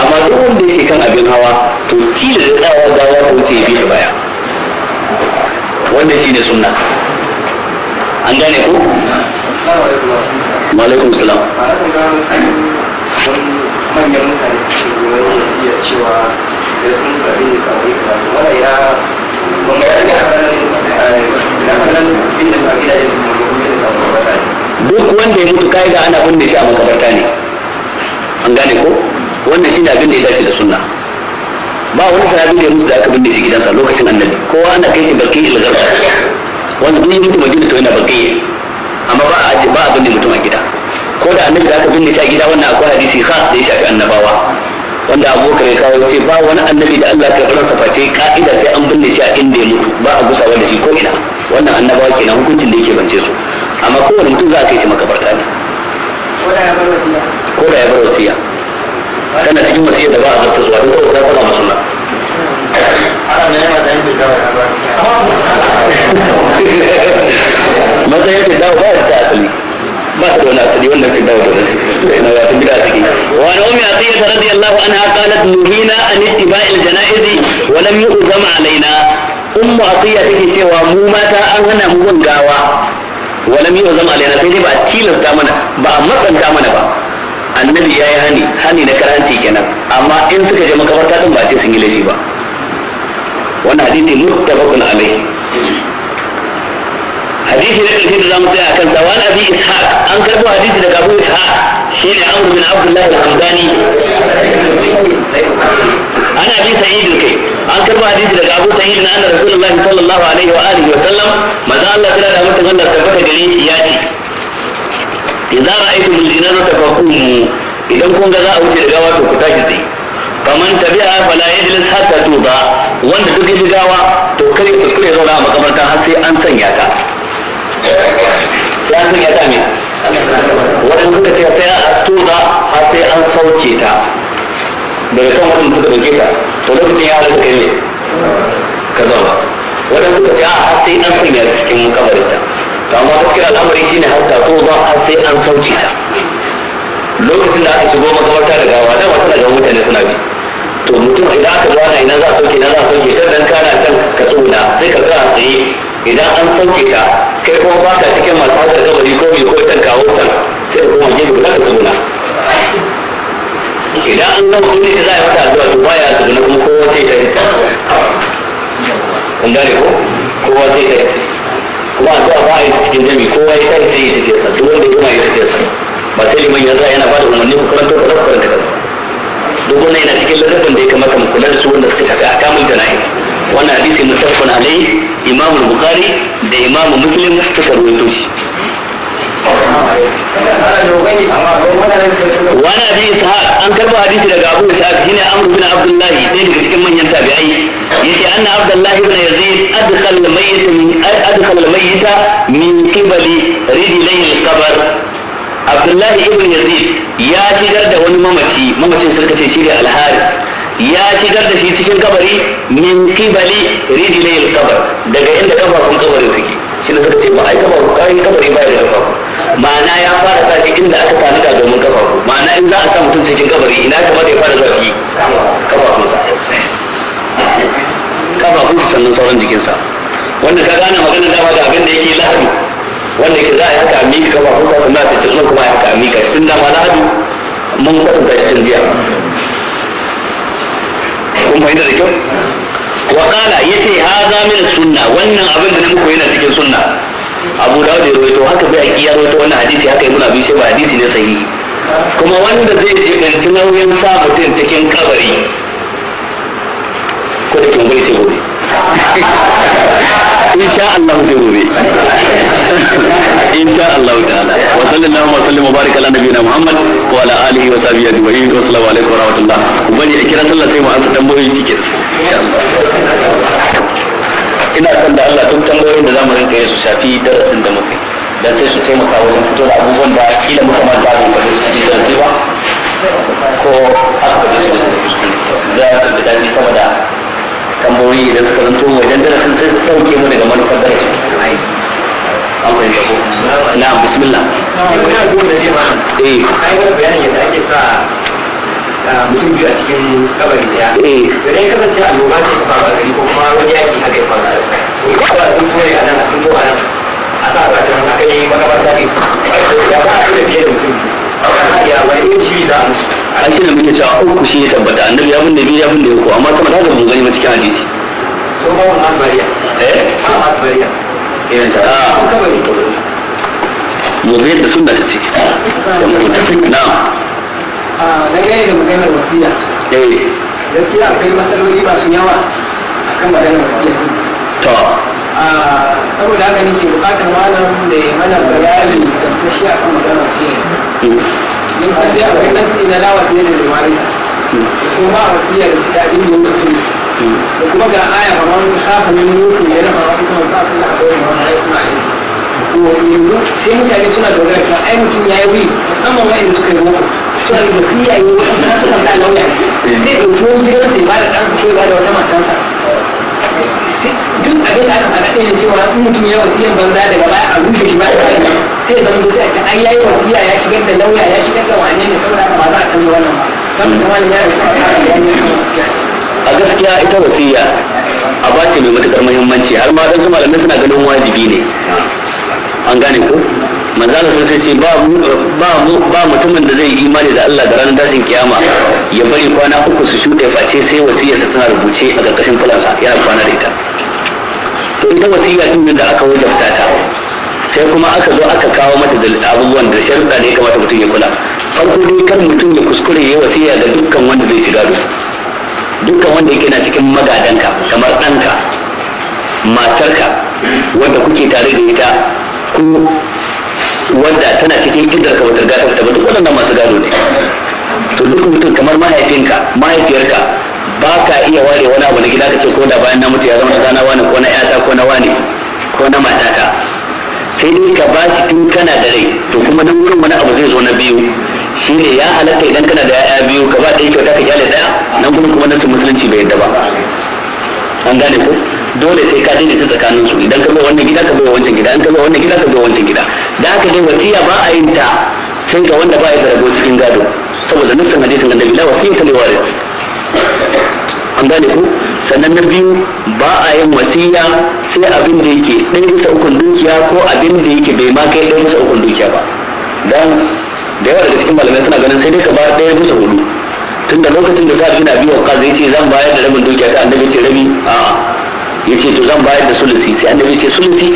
amma duk wanda yake kan abin hawa to ci da dawa dawa ta wuce ya biyu baya wanda shi ne sunna an gane salam. Malaikum salam. manyan wanda ya ba a ranar eh, ba duk wanda ya mutu kai ga ana binne shi a makabarta ne an gane ko wannan shi ne abin da ya dace da sunna ba wani sahabi da ya mutu da aka binne shi gidansa lokacin annabi kowa ana kai shi barki ilgarsa wanda duk ya mutu to yana barki amma ba a ba a binne mutum a gida ko da annabi da aka binne ta gida wannan akwai hadisi khas da ya shafi annabawa wanda abokan ya kawo ce ba wani annabi da Allah ya ka rasa face ka'ida sai an binne shi a inda ya mutu ba a gusawa da shi ko ina wannan annabawa kenan hukuncin da yake bance su amma kowane mutum za a kai shi makabarta ne ko da ya bar wasiya tana cikin wasiya da ba a zarta zuwa don kawai ta saba masu nan matsayin da dawo ba mafi bawa da nasi na wasu gida ciki wa na umi a tsaye sarari allahu an haƙala nuhina an yi ibayin jana'izi walam a tsaye take cewa mu mata an hana mu gun gawa walam yi uzama alaina sai dai ba tilasta mana ba a matsanta mana ba annabi ya yi hani hani na karanci kenan amma in suka je makafarta din ba ce sun yi laifi ba wannan hadisi muttafaqun alaihi hadisi na ƙarshe da zamu tsaya akan sa wani abi ishaq an karbo hadisi daga abu ishaq shine amr bin abdullah al-hamdani ana bi sa'id kai an karbo hadisi daga abu sa'id na anna rasulullahi sallallahu alaihi wa wa sallam manzo Allah tana da mutum Allah tabbata gare shi ya ce idza ra'aytum al-jinazata faqumu idan kun ga za a wuce da gawa to ku tashi tsaye faman tabi'a fala wanda duk ya gawa to kare kuskure zauna a sai an sanya ta abin ya dame waɗanda suka ce sai a tuza har sai an sauke ta daga kan waɗanda suka ɗauke ta to lokacin ya halatta kai ne ka zauna waɗanda suka ce a har sai an sanya cikin kabarin ta to amma gaskiya al'amari shine har ta tuza har sai an sauke ta lokacin da aka shigo makabarta da gawa dama tana ga mutane suna bi to mutum idan aka zuwa ina za a sauke na za a sauke kan nan kana can ka tsuna sai ka tsaya tsaye idan an sauke ka kai kuma ba ka cikin masu hausa ko mai ko kawo can sai ka kuma guda ka tsuna idan an gama kudi da za a yi mata addu'a to ya tsuna kuma kowa sai ta yi ta kun gane ko kowa sai ta yi kuma addu'a ba a yi cikin jami kowa ya ta ta yi ta yi ta duk wanda kuma ta yi ta ba sai yi ta yi yana ba da umarni ta yi ta yi duk wannan yana cikin ladabin da ya kamata mu kula da su wanda suka shafi akamul jana'i wannan hadisi mutafakun alai imamu bukhari da imamu muslim suka rawaito shi wani abi ishaq an karba hadisi daga abu ishaq shine amr bin abdullah ɗaya daga cikin manyan tabi'ai yace anna abdullah ibn yazid adkhala al-mayyit adkhala al-mayyita min qibali rijlihi al-qabr abdullahi ibn yazid ya shigar da wani mamaci mamacin sarka ce shi ne alharis ya shigar da shi cikin kabari min kibali rijlayil kabar daga inda kafafun kabari suke shi ne suka ce ba ai kafafu kai kabari ba ya da kafafu ma'ana ya fara sa shi inda aka da domin kafafu ma'ana in za a sa mutum cikin kabari ina kamata ya fara zafi kafafunsa sa sannan sauran jikinsa wanda ka gane magana dama da abin da yake hadisi ne sahihi kuma wanda zai jibanci nauyin sa mutum cikin kabari ko da kin bai ce gobe insha Allah zai gobe insha Allah ta'ala wa sallallahu wa sallam wa baraka ala nabiyina Muhammad wa ala alihi wa sahbihi ajma'in wa assalamu alaikum wa rahmatullah ubani a kira sallah sai mu an tambayoyi cikin insha Allah ina son da Allah tun tambayoyin da zamu rinka yi su shafi darasin da muke dan sai su taimaka wajen fito da abubuwan da kila muka ma da ba su ji zarfi ba ko aka ji su za su bi dadi sama da tambayoyi idan suka zanto mu idan darasin sai su sauke mu daga manufar darasi an fahimta ko na'am bismillah ina gudu da jima eh ai ga bayanin yadda ake sa ah, mutum biyu a cikin kabari daya eh da dai kasance annoba ce ta faru a gari ko kuma wani yaki haka ya faru a gari ko kuma a duk kore a nan a duk a a sa rajon aka yi makabarta ne ya ba a da fiye da mutum ya wani yin shiri da a musu shi da muke cewa uku shi ne tabbata annabi ya bin biyu ya bin uku amma kuma haka mun gani cikin hadisi ko ba wannan asbariya eh ba asbariya eh ta ah, mu ga yadda sunna ta ciki na'am ah, na gaya da maganar wasiya eh gaskiya akwai matsaloli ba su yawa akan maganar wasiya to saboda haka nake bukatar malam da ya mana bayani da kashi a kan magana ce yin hasiya a kan nasi na lawa ne da limani ko ba a wasiya da daɗin yin mutum da kuma ga aya ba wani kafin yusuf ya rafa wasu kuma sa suna a kawai ma ma'ai na yi to yanzu sai mutane suna dogara ta ai mutum ya yi wi musamman wa'in suka yi muku suna da wasiya yi wasu na suka sa lauya zai ɗauki wani gidan ba da ɗansa ko ba da wata matansa duk abin da aka faɗa ɗaya da cewa in mutum ya banza daga baya a rushe shi ba ya sai zama dole a ai yayi wasiya ya shigar da lauya ya shigar da wane ne saboda ba za a canza wannan ba kuma ya a gaskiya ita wasiya a ba ce mai matukar muhimmanci har ma dan su malamai suna ganin wajibi ne an gane ko manzala sai ce ba mutumin da zai imani da Allah da ranar dajin kiyama ya bari kwana uku su shuɗe face sai wasiyarsa tana rubuce a ƙarƙashin fulansa yana kwana da ita to ita wasiyya din da aka wajabta ta sai kuma aka zo aka kawo mata da abubuwan da sharuɗa ne kamata mutum ya kula farko dai kar mutum ya kuskure ya wasiya ga dukkan wanda zai shiga da dukkan wanda yake na cikin magadanka kamar ɗanka matarka wanda kuke tare da ita ku wanda tana cikin idar ka wata gata ta duk waɗannan masu gado ne to duk mutum kamar mahaifinka mahaifiyarka ba ka iya ware wani abu na gida ka ce ko da bayan na mutu ya zama na wani ko na yata ko na wani ko na matata sai dai ka ba shi tun kana da rai to kuma nan wurin wani abu zai zo na biyu shi ne ya halatta idan kana da ya'ya biyu ka ba ɗaya kyauta ka kyale daya nan gudun kuma nasu musulunci bai yadda ba an gane ko dole sai ka daidaita tsakanin su idan ka bai wannan gida ka bai wancan gida idan ka bai wannan gida ka bai wancan gida da haka dai wasiya ba a yin ta sai ga wanda ba ya da cikin gado saboda nufin hadisin annabi la wasiya ta waris an gane ku sannan na biyu ba a yin wasiya sai abin da yake ɗaya bisa ukun dukiya ko abin da yake bai ma kai ɗaya bisa ukun dukiya ba dan da yawa daga cikin malamai suna ganin sai dai ka ba ɗaya bisa hudu tunda lokacin da za a gina biyu wa zai ce zan bayar da rabin dukiya ta annabi ce rabi a'a yace to zan bayar da sulusi sai annabi ce sulusi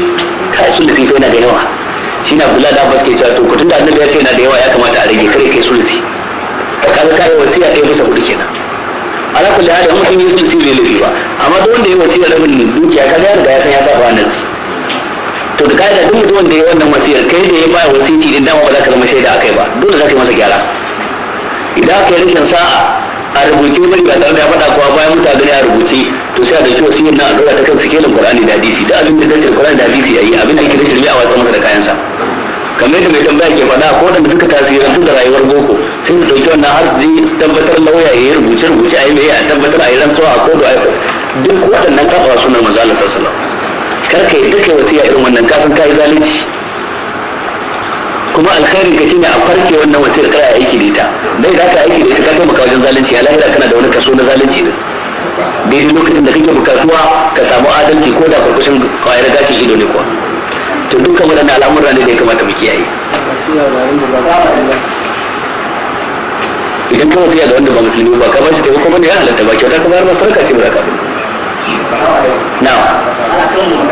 kai sulusi kai na da yawa shi na bulala da Abbas ke cewa to kudin da annabi ya ce da yawa ya kamata a rage kare kai sulusi ka kaga kai wasiya kai bisa hudu kenan ala kulli hal mun yi sulusi bai lafi ba amma duk wanda ya wasiya rabin dukiya kaga ya riga ya san ya saba wannan to da da duk wanda ya wannan wasiyar kai da ya ba wasiya din dama ba za ka zama shaida akai ba dole za ka yi masa gyara idan aka yi rashin sa'a a rubuce wani ga tare da ya faɗa kuwa bayan mutane gani a rubuce to sai a da kyau yi na ɗora ta kan sikelin Qur'ani da hadisi da abin da dangin Qur'ani da hadisi yayi abin da yake da shirme a wasan masa da kayansa kamar yadda mai tambaya ke faɗa ko da suka tasirantu da rayuwar boko sai su ɗauki wannan har zai tabbatar lauya ya yi rubuce rubuce a yi mai a tabbatar a yi rantsuwa a kodo a yi duk waɗannan kafa sunan manzo Allah sallallahu alaihi wasallam karka yi duka wasiya irin wannan kasan yi zalunci kuma alkhairin ka shine a farke wannan wasiyar kai aiki da ita dai da ka aiki da ita ka taimaka wajen zalunci a lahira kana da wani kaso na zalunci ne daidai lokacin da kake bukatuwa ka samu adalci ko da kurkushin kwayar gashin ido ne kuwa to dukkan waɗannan al'amura ne da ya kamata mu kiyaye idan ka wasiya ga wanda ba musulmi ba ka ba shi taimako ne ya halatta ba kyauta ka bayar masarka ce ba ka ba na mutum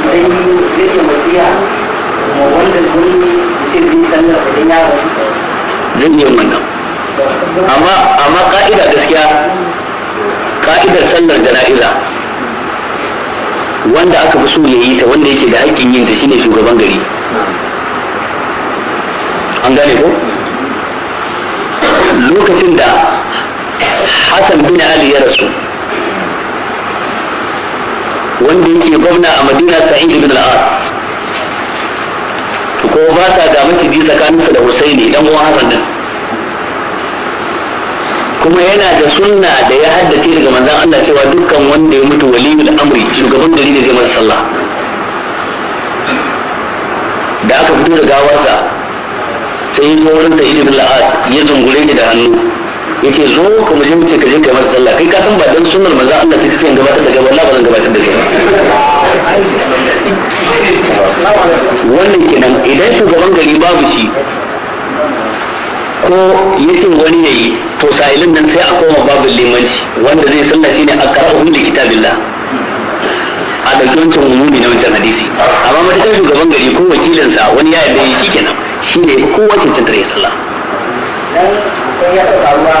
zai yi wasiya zai iya wannan amma amma ka'ida gaskiya ka'idar sallar jana'iza wanda aka fi so ya yi ta wanda yake da haƙƙin yin ta shine shugaban gari an gane ko lokacin da hassan bin ali ya rasu wanda yake gwamna a madina sa'id ibn al-as ko ba ta da tsakanin tsakaninsa da husaini dan uwan hasan din kuma yana da sunna da ya haddace daga manzon Allah cewa dukkan wanda ya mutu waliyul amri shugaban gari da zai masa sallah da aka fito da gawarsa sai yi zo wurin sayyid ibn al ya zungure ni da hannu yace zo ka mu je mu ce ka je kai masa sallah kai ka san ba dan sunnar manzon Allah sai kake gabatar da gaba wallahi ba zan gabatar da kai wannan kenan idan shugaban gari babu shi ko yake wani yi to sa'ilin nan sai a koma babu limanci wanda zai shi ne a qara'u da kitabillah a ɗauki wancan umumi na wancan hadisi amma matakar shugaban gari ko wakilinsa wani ya yarda yi kenan shi ne kowa ya sallah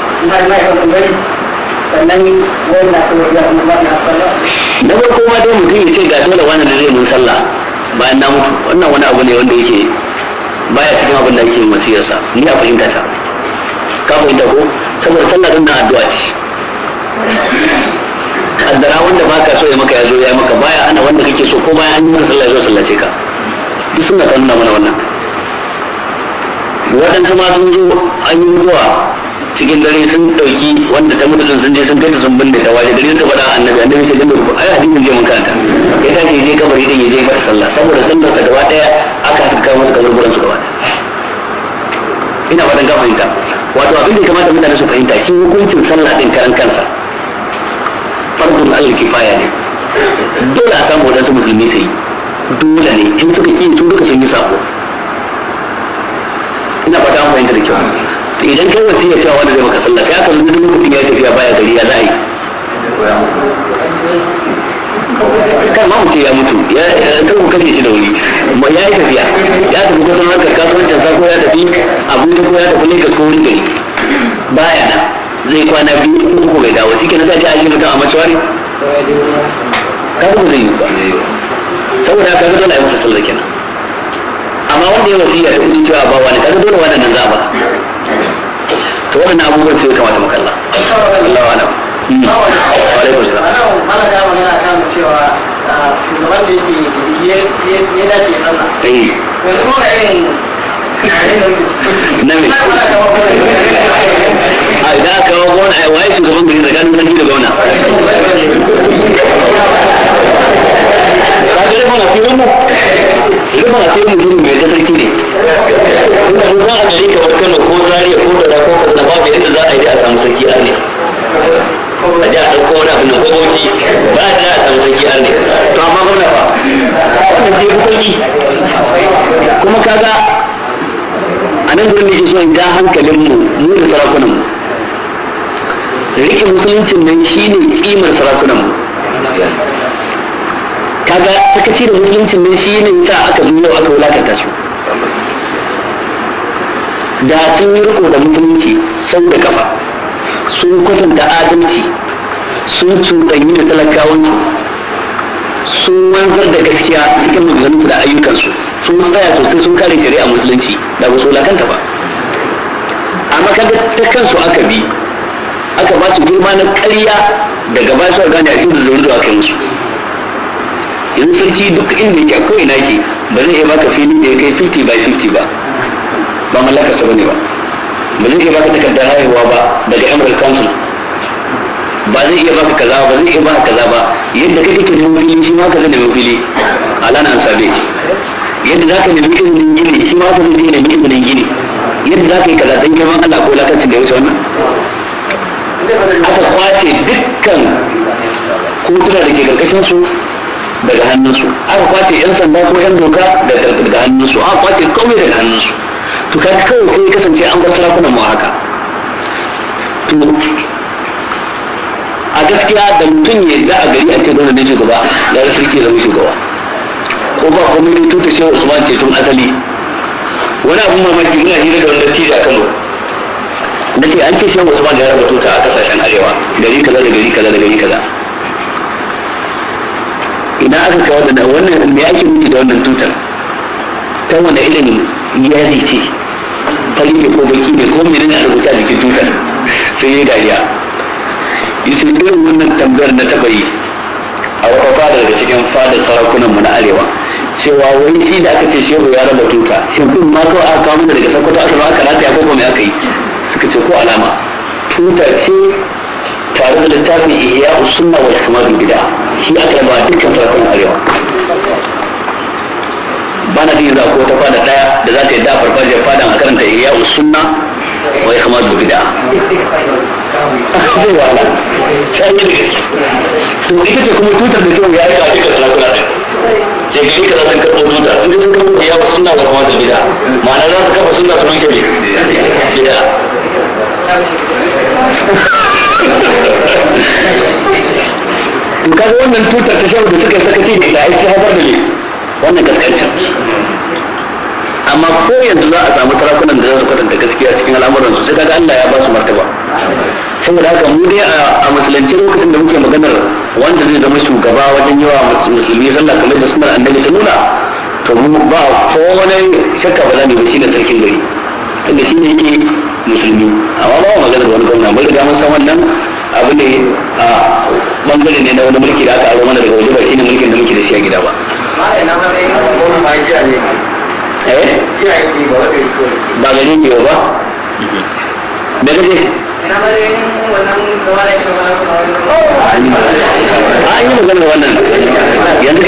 da kuma ba dai mutum ya ce ga dole wani da zai mun sallah bayan na mutu wannan wani abu ne wanda yake baya cikin abin da yake masiyarsa ni a fahimta ta ka fahimta ko saboda sallah din na addu'a ce kaddara wanda ba ka so ya maka ya zo ya maka baya ana wanda kake so ko bayan an yi maka sallah ya zo sallace ka duk suna ta nuna mana wannan waɗansu ma sun zo an yi zuwa cikin dare sun dauki wanda ta mutu sun je sun kai sun binne ta waje dare ta faɗa annabi annabi sai dinda ko ai hadisin je mun karanta ya tashi je kabari din ya je mata sallah saboda sallar ta gaba daya aka saka kabar gurin su gaba ina fatan ka fahimta wato abin da ya kamata mutane su fahimta shi hukuncin sallah din karan kansa fardun al-kifaya ne dole a samu wadansu musulmi sai dole ne in suka ki su duka sun yi sako idan kai ya cewa wanda zai maka sallah kai aka rubuta mutum ya tafiya baya gari ya zai yi kan ma mutum ya mutu ya kan ku kashe shi da wuri ya yi tafiya ya tafi kusan haka kasuwancin sa ko ya tafi da ko ya tafi lagos ko wuri gari baya na zai kwana biyu uku bai dawo shi kenan sai a ji mutum a masuwari kaga zai yi ba saboda kaga dole a yi masa sallah kenan amma wanda ya wasiya ta kudi cewa ba wani kaga dole wannan nan za ba to waɗannan abubuwan sai kamata mu kalla Allah hmm. wa alaikum salam ana mun yana kan cewa ah, shugaban da yake ya dace eh kuma irin na a idan aka kawo gona a waye shugaban ka ga sauki kuma kaga a nan gudun da ke zuwa ja hankalin mu mu da sarakunan mu rike musuluncin nan shi ne kimar sarakunan mu kaga sakaci da musuluncin nan shi ne sa aka zuwa yau aka wulakanta su da sun yi riko da musulunci sau da kafa sun kwatanta adalci sun cuɗanyi da talakawansu sun wanzar da gaskiya cikin maganganunsu da ayyukansu sun tsaya sosai sun kare shari'a musulunci da ba su wulakanta ba amma kaga ta kansu aka bi aka ba su girma na ƙarya daga ba su gane a cikin zuwa zuwa kan su yanzu sarki duk inda yake ko ina ke ba zai iya baka fili da ya kai 50 by 50 ba ba mallaka sa bane ba ba zai iya baka takardar haihuwa ba daga emerald council ba zai iya baka kaza ba zai iya baka kaza ba yadda kai kake neman fili shi ma ka zai neman fili alana an sabe yadda za ka nemi izinin gini shi ma ka zai nemi izinin gini yadda za ka yi kaza dan girman Allah ko lakacin da ya wuce wannan aka kwace dukkan kotuna da ke karkashin su daga hannunsu aka kwace yan sanda ko yan doka daga hannunsu aka kwace komai daga hannunsu to ka kawai kai kasance an bar sarakunan mu haka to a gaskiya da mutum ya za a gari a ce dole ne shugaba da ya sarki zama shugaba ko ba komai ne tuta shi usman ce tun asali wani abun mamaki muna hira da wani dattijo a kano na ce an ce shi usman da ya raba tuta a kasashen arewa gari kaza da gari kaza da gari kaza ina aka kawo da wannan me ake nufi da wannan tutar ta wanda irin iyali ce fari ne ko baki ne ko menene a rubuta jikin tutar sai ya dariya yace irin wannan tambayar na taba yi a wata fada daga cikin fada sarakunan mu na arewa cewa wai shi da aka ce shehu ya raba tuta shin kun ma kawai aka kawo daga sakkwato aka ba aka rataya ko me aka yi suka ce ko alama tuta ce tare da littafin ihya usunna wal sumadin gida shi aka raba dukkan sarakunan arewa bana jin za ko ta fada daya da za ta yi da farfajiyar fada a karanta ihya usunna wa kama bid'a zai wahala sai da to ita ce a suna suna wannan tutar ta shawar da suka sakaci da ita haifar da ne wannan amma ko yanzu za a samu sarakunan da za kwatanta gaskiya cikin al'amuran su sai kaga Allah ya ba su martaba saboda haka mu dai a musulunci lokacin da muke maganar wanda zai zama shugaba wajen yawa musulmi sallah kamar da sunan annabi ta nuna to mu ba ko wani shakka ba za mu ba shine sarkin gari tunda shine yake musulmi amma ba maganar wani gwamna bai da mun san wannan abu ne a bangare ne na wani mulki da aka aro mana daga waje ba shine mulkin da muke da shi a gida ba Eh? ba ba ah, ah, an yi magana wannan yanzu a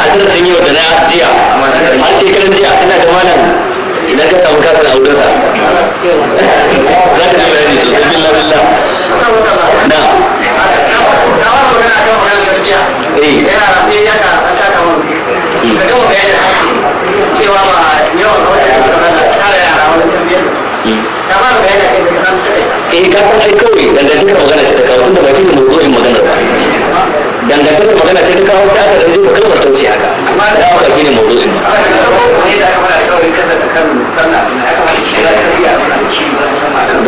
an yi jiya jiya ya san kawai dangantakar magana ta kawo tunda ba shine mawdu'in maganar ba dangantakar magana ta kawo ta aka dan jefa kalmar tausi haka amma da ba shine mawdu'in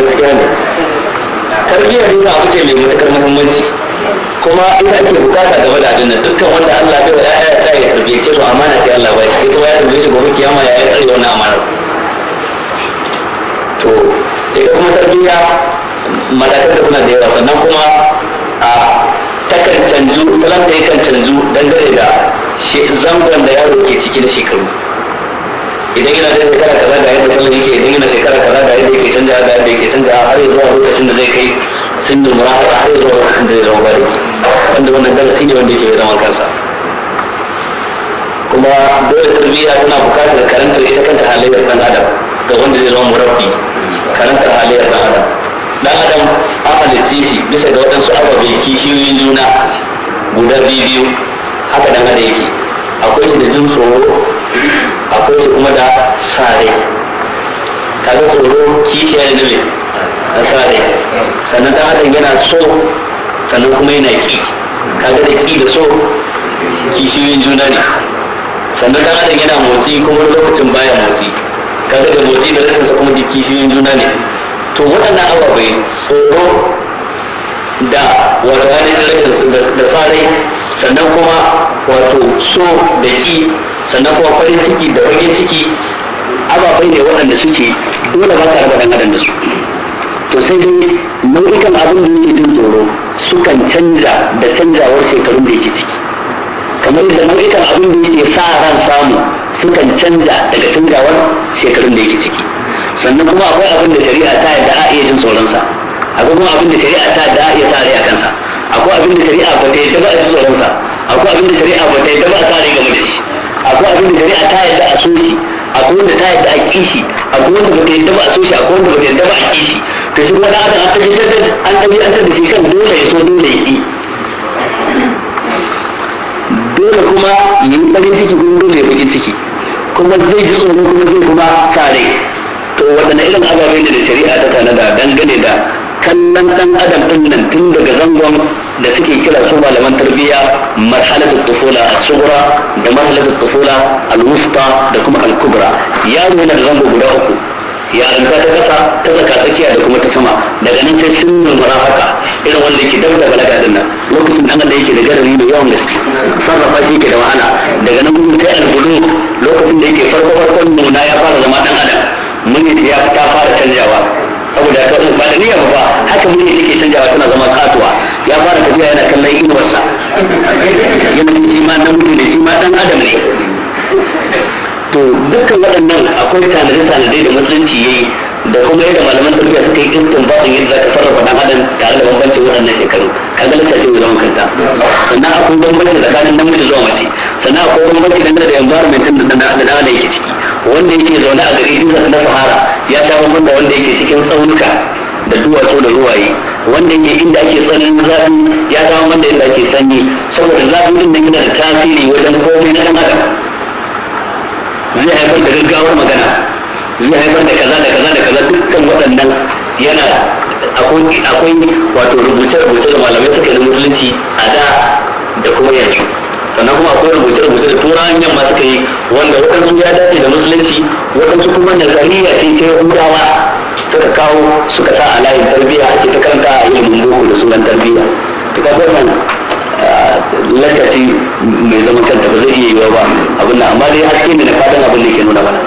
ba tarbiyya ne abu ce mai matukar muhimmanci kuma ita ake bukata game da abin nan dukkan wanda Allah bai wa ya ta ya tarbiyyace su amana sai Allah bai sai kuma ya tambaye shi gobe kiyama ya ya tsare wannan amanar to ita kuma tarbiyya matakan da suna da yawa sannan kuma a takan canzu salon da yakan canzu dangane da zangon da yaro ke ciki da shekaru idan yana da shekara kaza ga yadda salon yake idan yana shekara kaza ga yadda yake canja ga yadda yake canja har ya zuwa lokacin da zai kai sun da murata har ya zuwa lokacin da zai zama bari wanda wannan darasi ne wanda yake zama kansa kuma dole tarbiyya tana bukatar karanta ita kanta halayyar dan adam ga wanda zai zama murabbi karanta halayyar dan adam dan adam an halitta shi bisa ga waɗansu ababe kishiyoyin juna guda biyu haka dan adam yake akwai shi da jin tsoro akwai shi kuma da sare kaga tsoro kishiya ne ne da sare sannan dan adam yana so sannan kuma yana ki kaga da ki da so kishiyoyin juna ne sannan dan adam yana motsi kuma lokacin baya motsi kaga da motsi da rashin sa kuma kishiyoyin juna ne to waɗannan ababai tsoro da wato ainihin da farai sannan kuma wato so da ki sannan kuma farin ciki da farin ciki ababai ne waɗanda suke dole ba ka raba ɗan da su to sai dai nau'ikan abin da yake jin tsoro sukan canza da canzawar shekarun da yake ciki kamar yadda nau'ikan abin da yake sa ran samu sukan canza daga canzawar shekarun da yake ciki sannan kuma akwai abin da shari'a ta yadda a iya jin tsoronsa akwai kuma abin da shari'a ta yadda a iya sa rai a kansa akwai abin da shari'a ba ta yadda ba a ji tsoronsa akwai abin da shari'a ba ta yadda ba a sa rai game da shi akwai abin da shari'a ta yadda a so shi akwai wanda ta yadda a kishi akwai wanda ba ta yadda ba a so shi akwai wanda ba ta yadda ba a kishi to shi wani adam an tabbatar da an an da shi kan dole ya so dole ya yi dole kuma yi farin ciki gurin dole ya bakin ciki kuma zai ji tsoro kuma zai kuma sa rai to waɗanne irin ababe ne da shari'a ta tanada dangane da kallon ɗan adam ɗin nan tun daga zangon da suke kira su malaman tarbiyya marhalatu tufula as-sughra da marhalatu tufula al-wusta da kuma al ya nuna da zango guda uku yaranta ta kasa ta tsaka tsakiya da kuma ta sama daga nan sai sun murmura haka irin wanda yake dab da balaga din nan lokacin dan da yake da garari da yawan gaske sarrafa shi ke da wahala daga nan gudun sai al-bulu lokacin da yake farko farkon nuna ya fara zama dan adam. miji ya ta fara canjawa saboda ta ba da niyya ba haka miji take canjawa tana zama katuwa ya fara tafiya yana kallon inuwarsa yana shi ma namiji ne shi ma dan adam ne to dukkan waɗannan akwai tanade-tanade da musulunci ya yi da kuma yadda malaman tarbiyya suka yi istin baɗin yadda zaka sarrafa ɗan adam tare da bambancin waɗannan shekaru kaga littafi mai zaman kanta sannan akwai bambanci tsakanin namiji zuwa mace sannan akwai bambanci dangane da environment da ɗan adam yake ciki wanda yake zaune a gari dutsen na sahara ya sha bambam da wanda yake cikin tsaunuka da duwatsu da ruwaye wanda yake inda ake tsanin zafi ya sha bambam da inda ake sanyi saboda zafi din nan yana da tasiri wajen komai na dan adam zai haifar da gaggawar magana zai haifar da kaza da kaza da kaza dukkan waɗannan yana akwai wato rubuce-rubuce da malamai suka yi musulunci a da da kuma yanzu sannan kuma akwai rubuce rubuce da turawan yamma suka yi wanda waɗansu ya dace da musulunci waɗansu kuma na nazariya ce ta yahudawa suka kawo suka sa a layin tarbiyya ake ta kanta a ilimin boko da sunan tarbiyya ta ka wannan ah, lakaci mai zaman kanta ba zai iya yiwa ba abin nan amma dai haske ne na fatan abin da ke nuna mana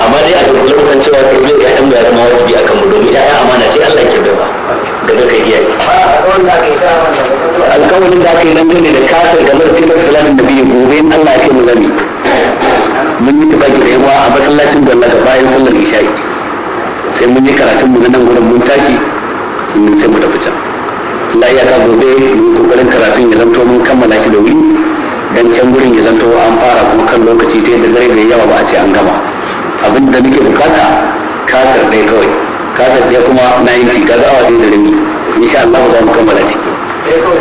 amma dai a duk lokacin cewa tarbiyya ya tambaya zama wajibi kan mu domin ya'ya amana sai Allah ke bai ba daga kai iyaye alkawarin da aka yi dangane da kasar da da tilas salatin da biyu gobe in Allah ya ce mu zami mun yi tabbaki da yawa a masallacin da daga bayan sallar isha'i sai mun yi karatun mu nan gudun mun tashi sun sai mu tafi can Allah ya ka gobe mun kokarin karatun ya zanto mun kammala shi da wuri dan can gurin ya zanto an fara kuma kan lokaci ta yadda dare bai yawa ba a ce an gama abin da muke bukata kasar ɗaya kawai kasar ɗaya kuma na yi shi kaga awa ɗaya da rabi insha Allah za mu kammala ciki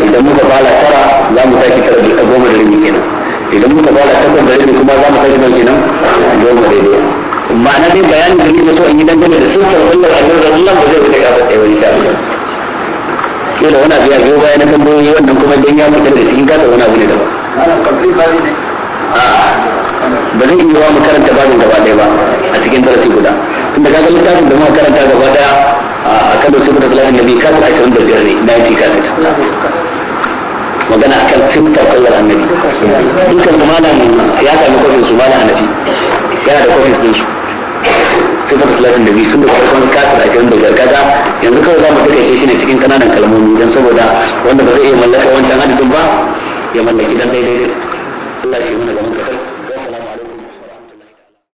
idan muka bala tara za mu tashi tara da goma da rabi kenan idan muka bala takwas da rabi kuma za mu tashi nan kenan goma da rabi ma'ana dai bayanin da nake so in yi dangane da sukar wannan annabi sallallahu alaihi ba zai wuce gaba ɗaya ba insha Allah kila wani abu ya zo baya tambayoyi wannan kuma dan ya mutu da cikin gasa wani abu ne daban ba zai iya mu karanta babin gaba ɗaya ba a cikin darasi guda tunda kaga littafin da muka karanta gaba ɗaya a kan wasu kuta salatin nabi ka ta ashirin da biyar ne na yi fika ta magana kan sifta kallar annabi dukkan su malam ya sami kofin su malam annabi yana da kofin su sifta salatin nabi sun da farkon ka ta ashirin da biyar kaga yanzu kawai za mu take shi ne cikin kananan kalmomi don saboda wanda ba zai iya mallaka wancan adadin ba ya mallaki dan daidai Allah shi mana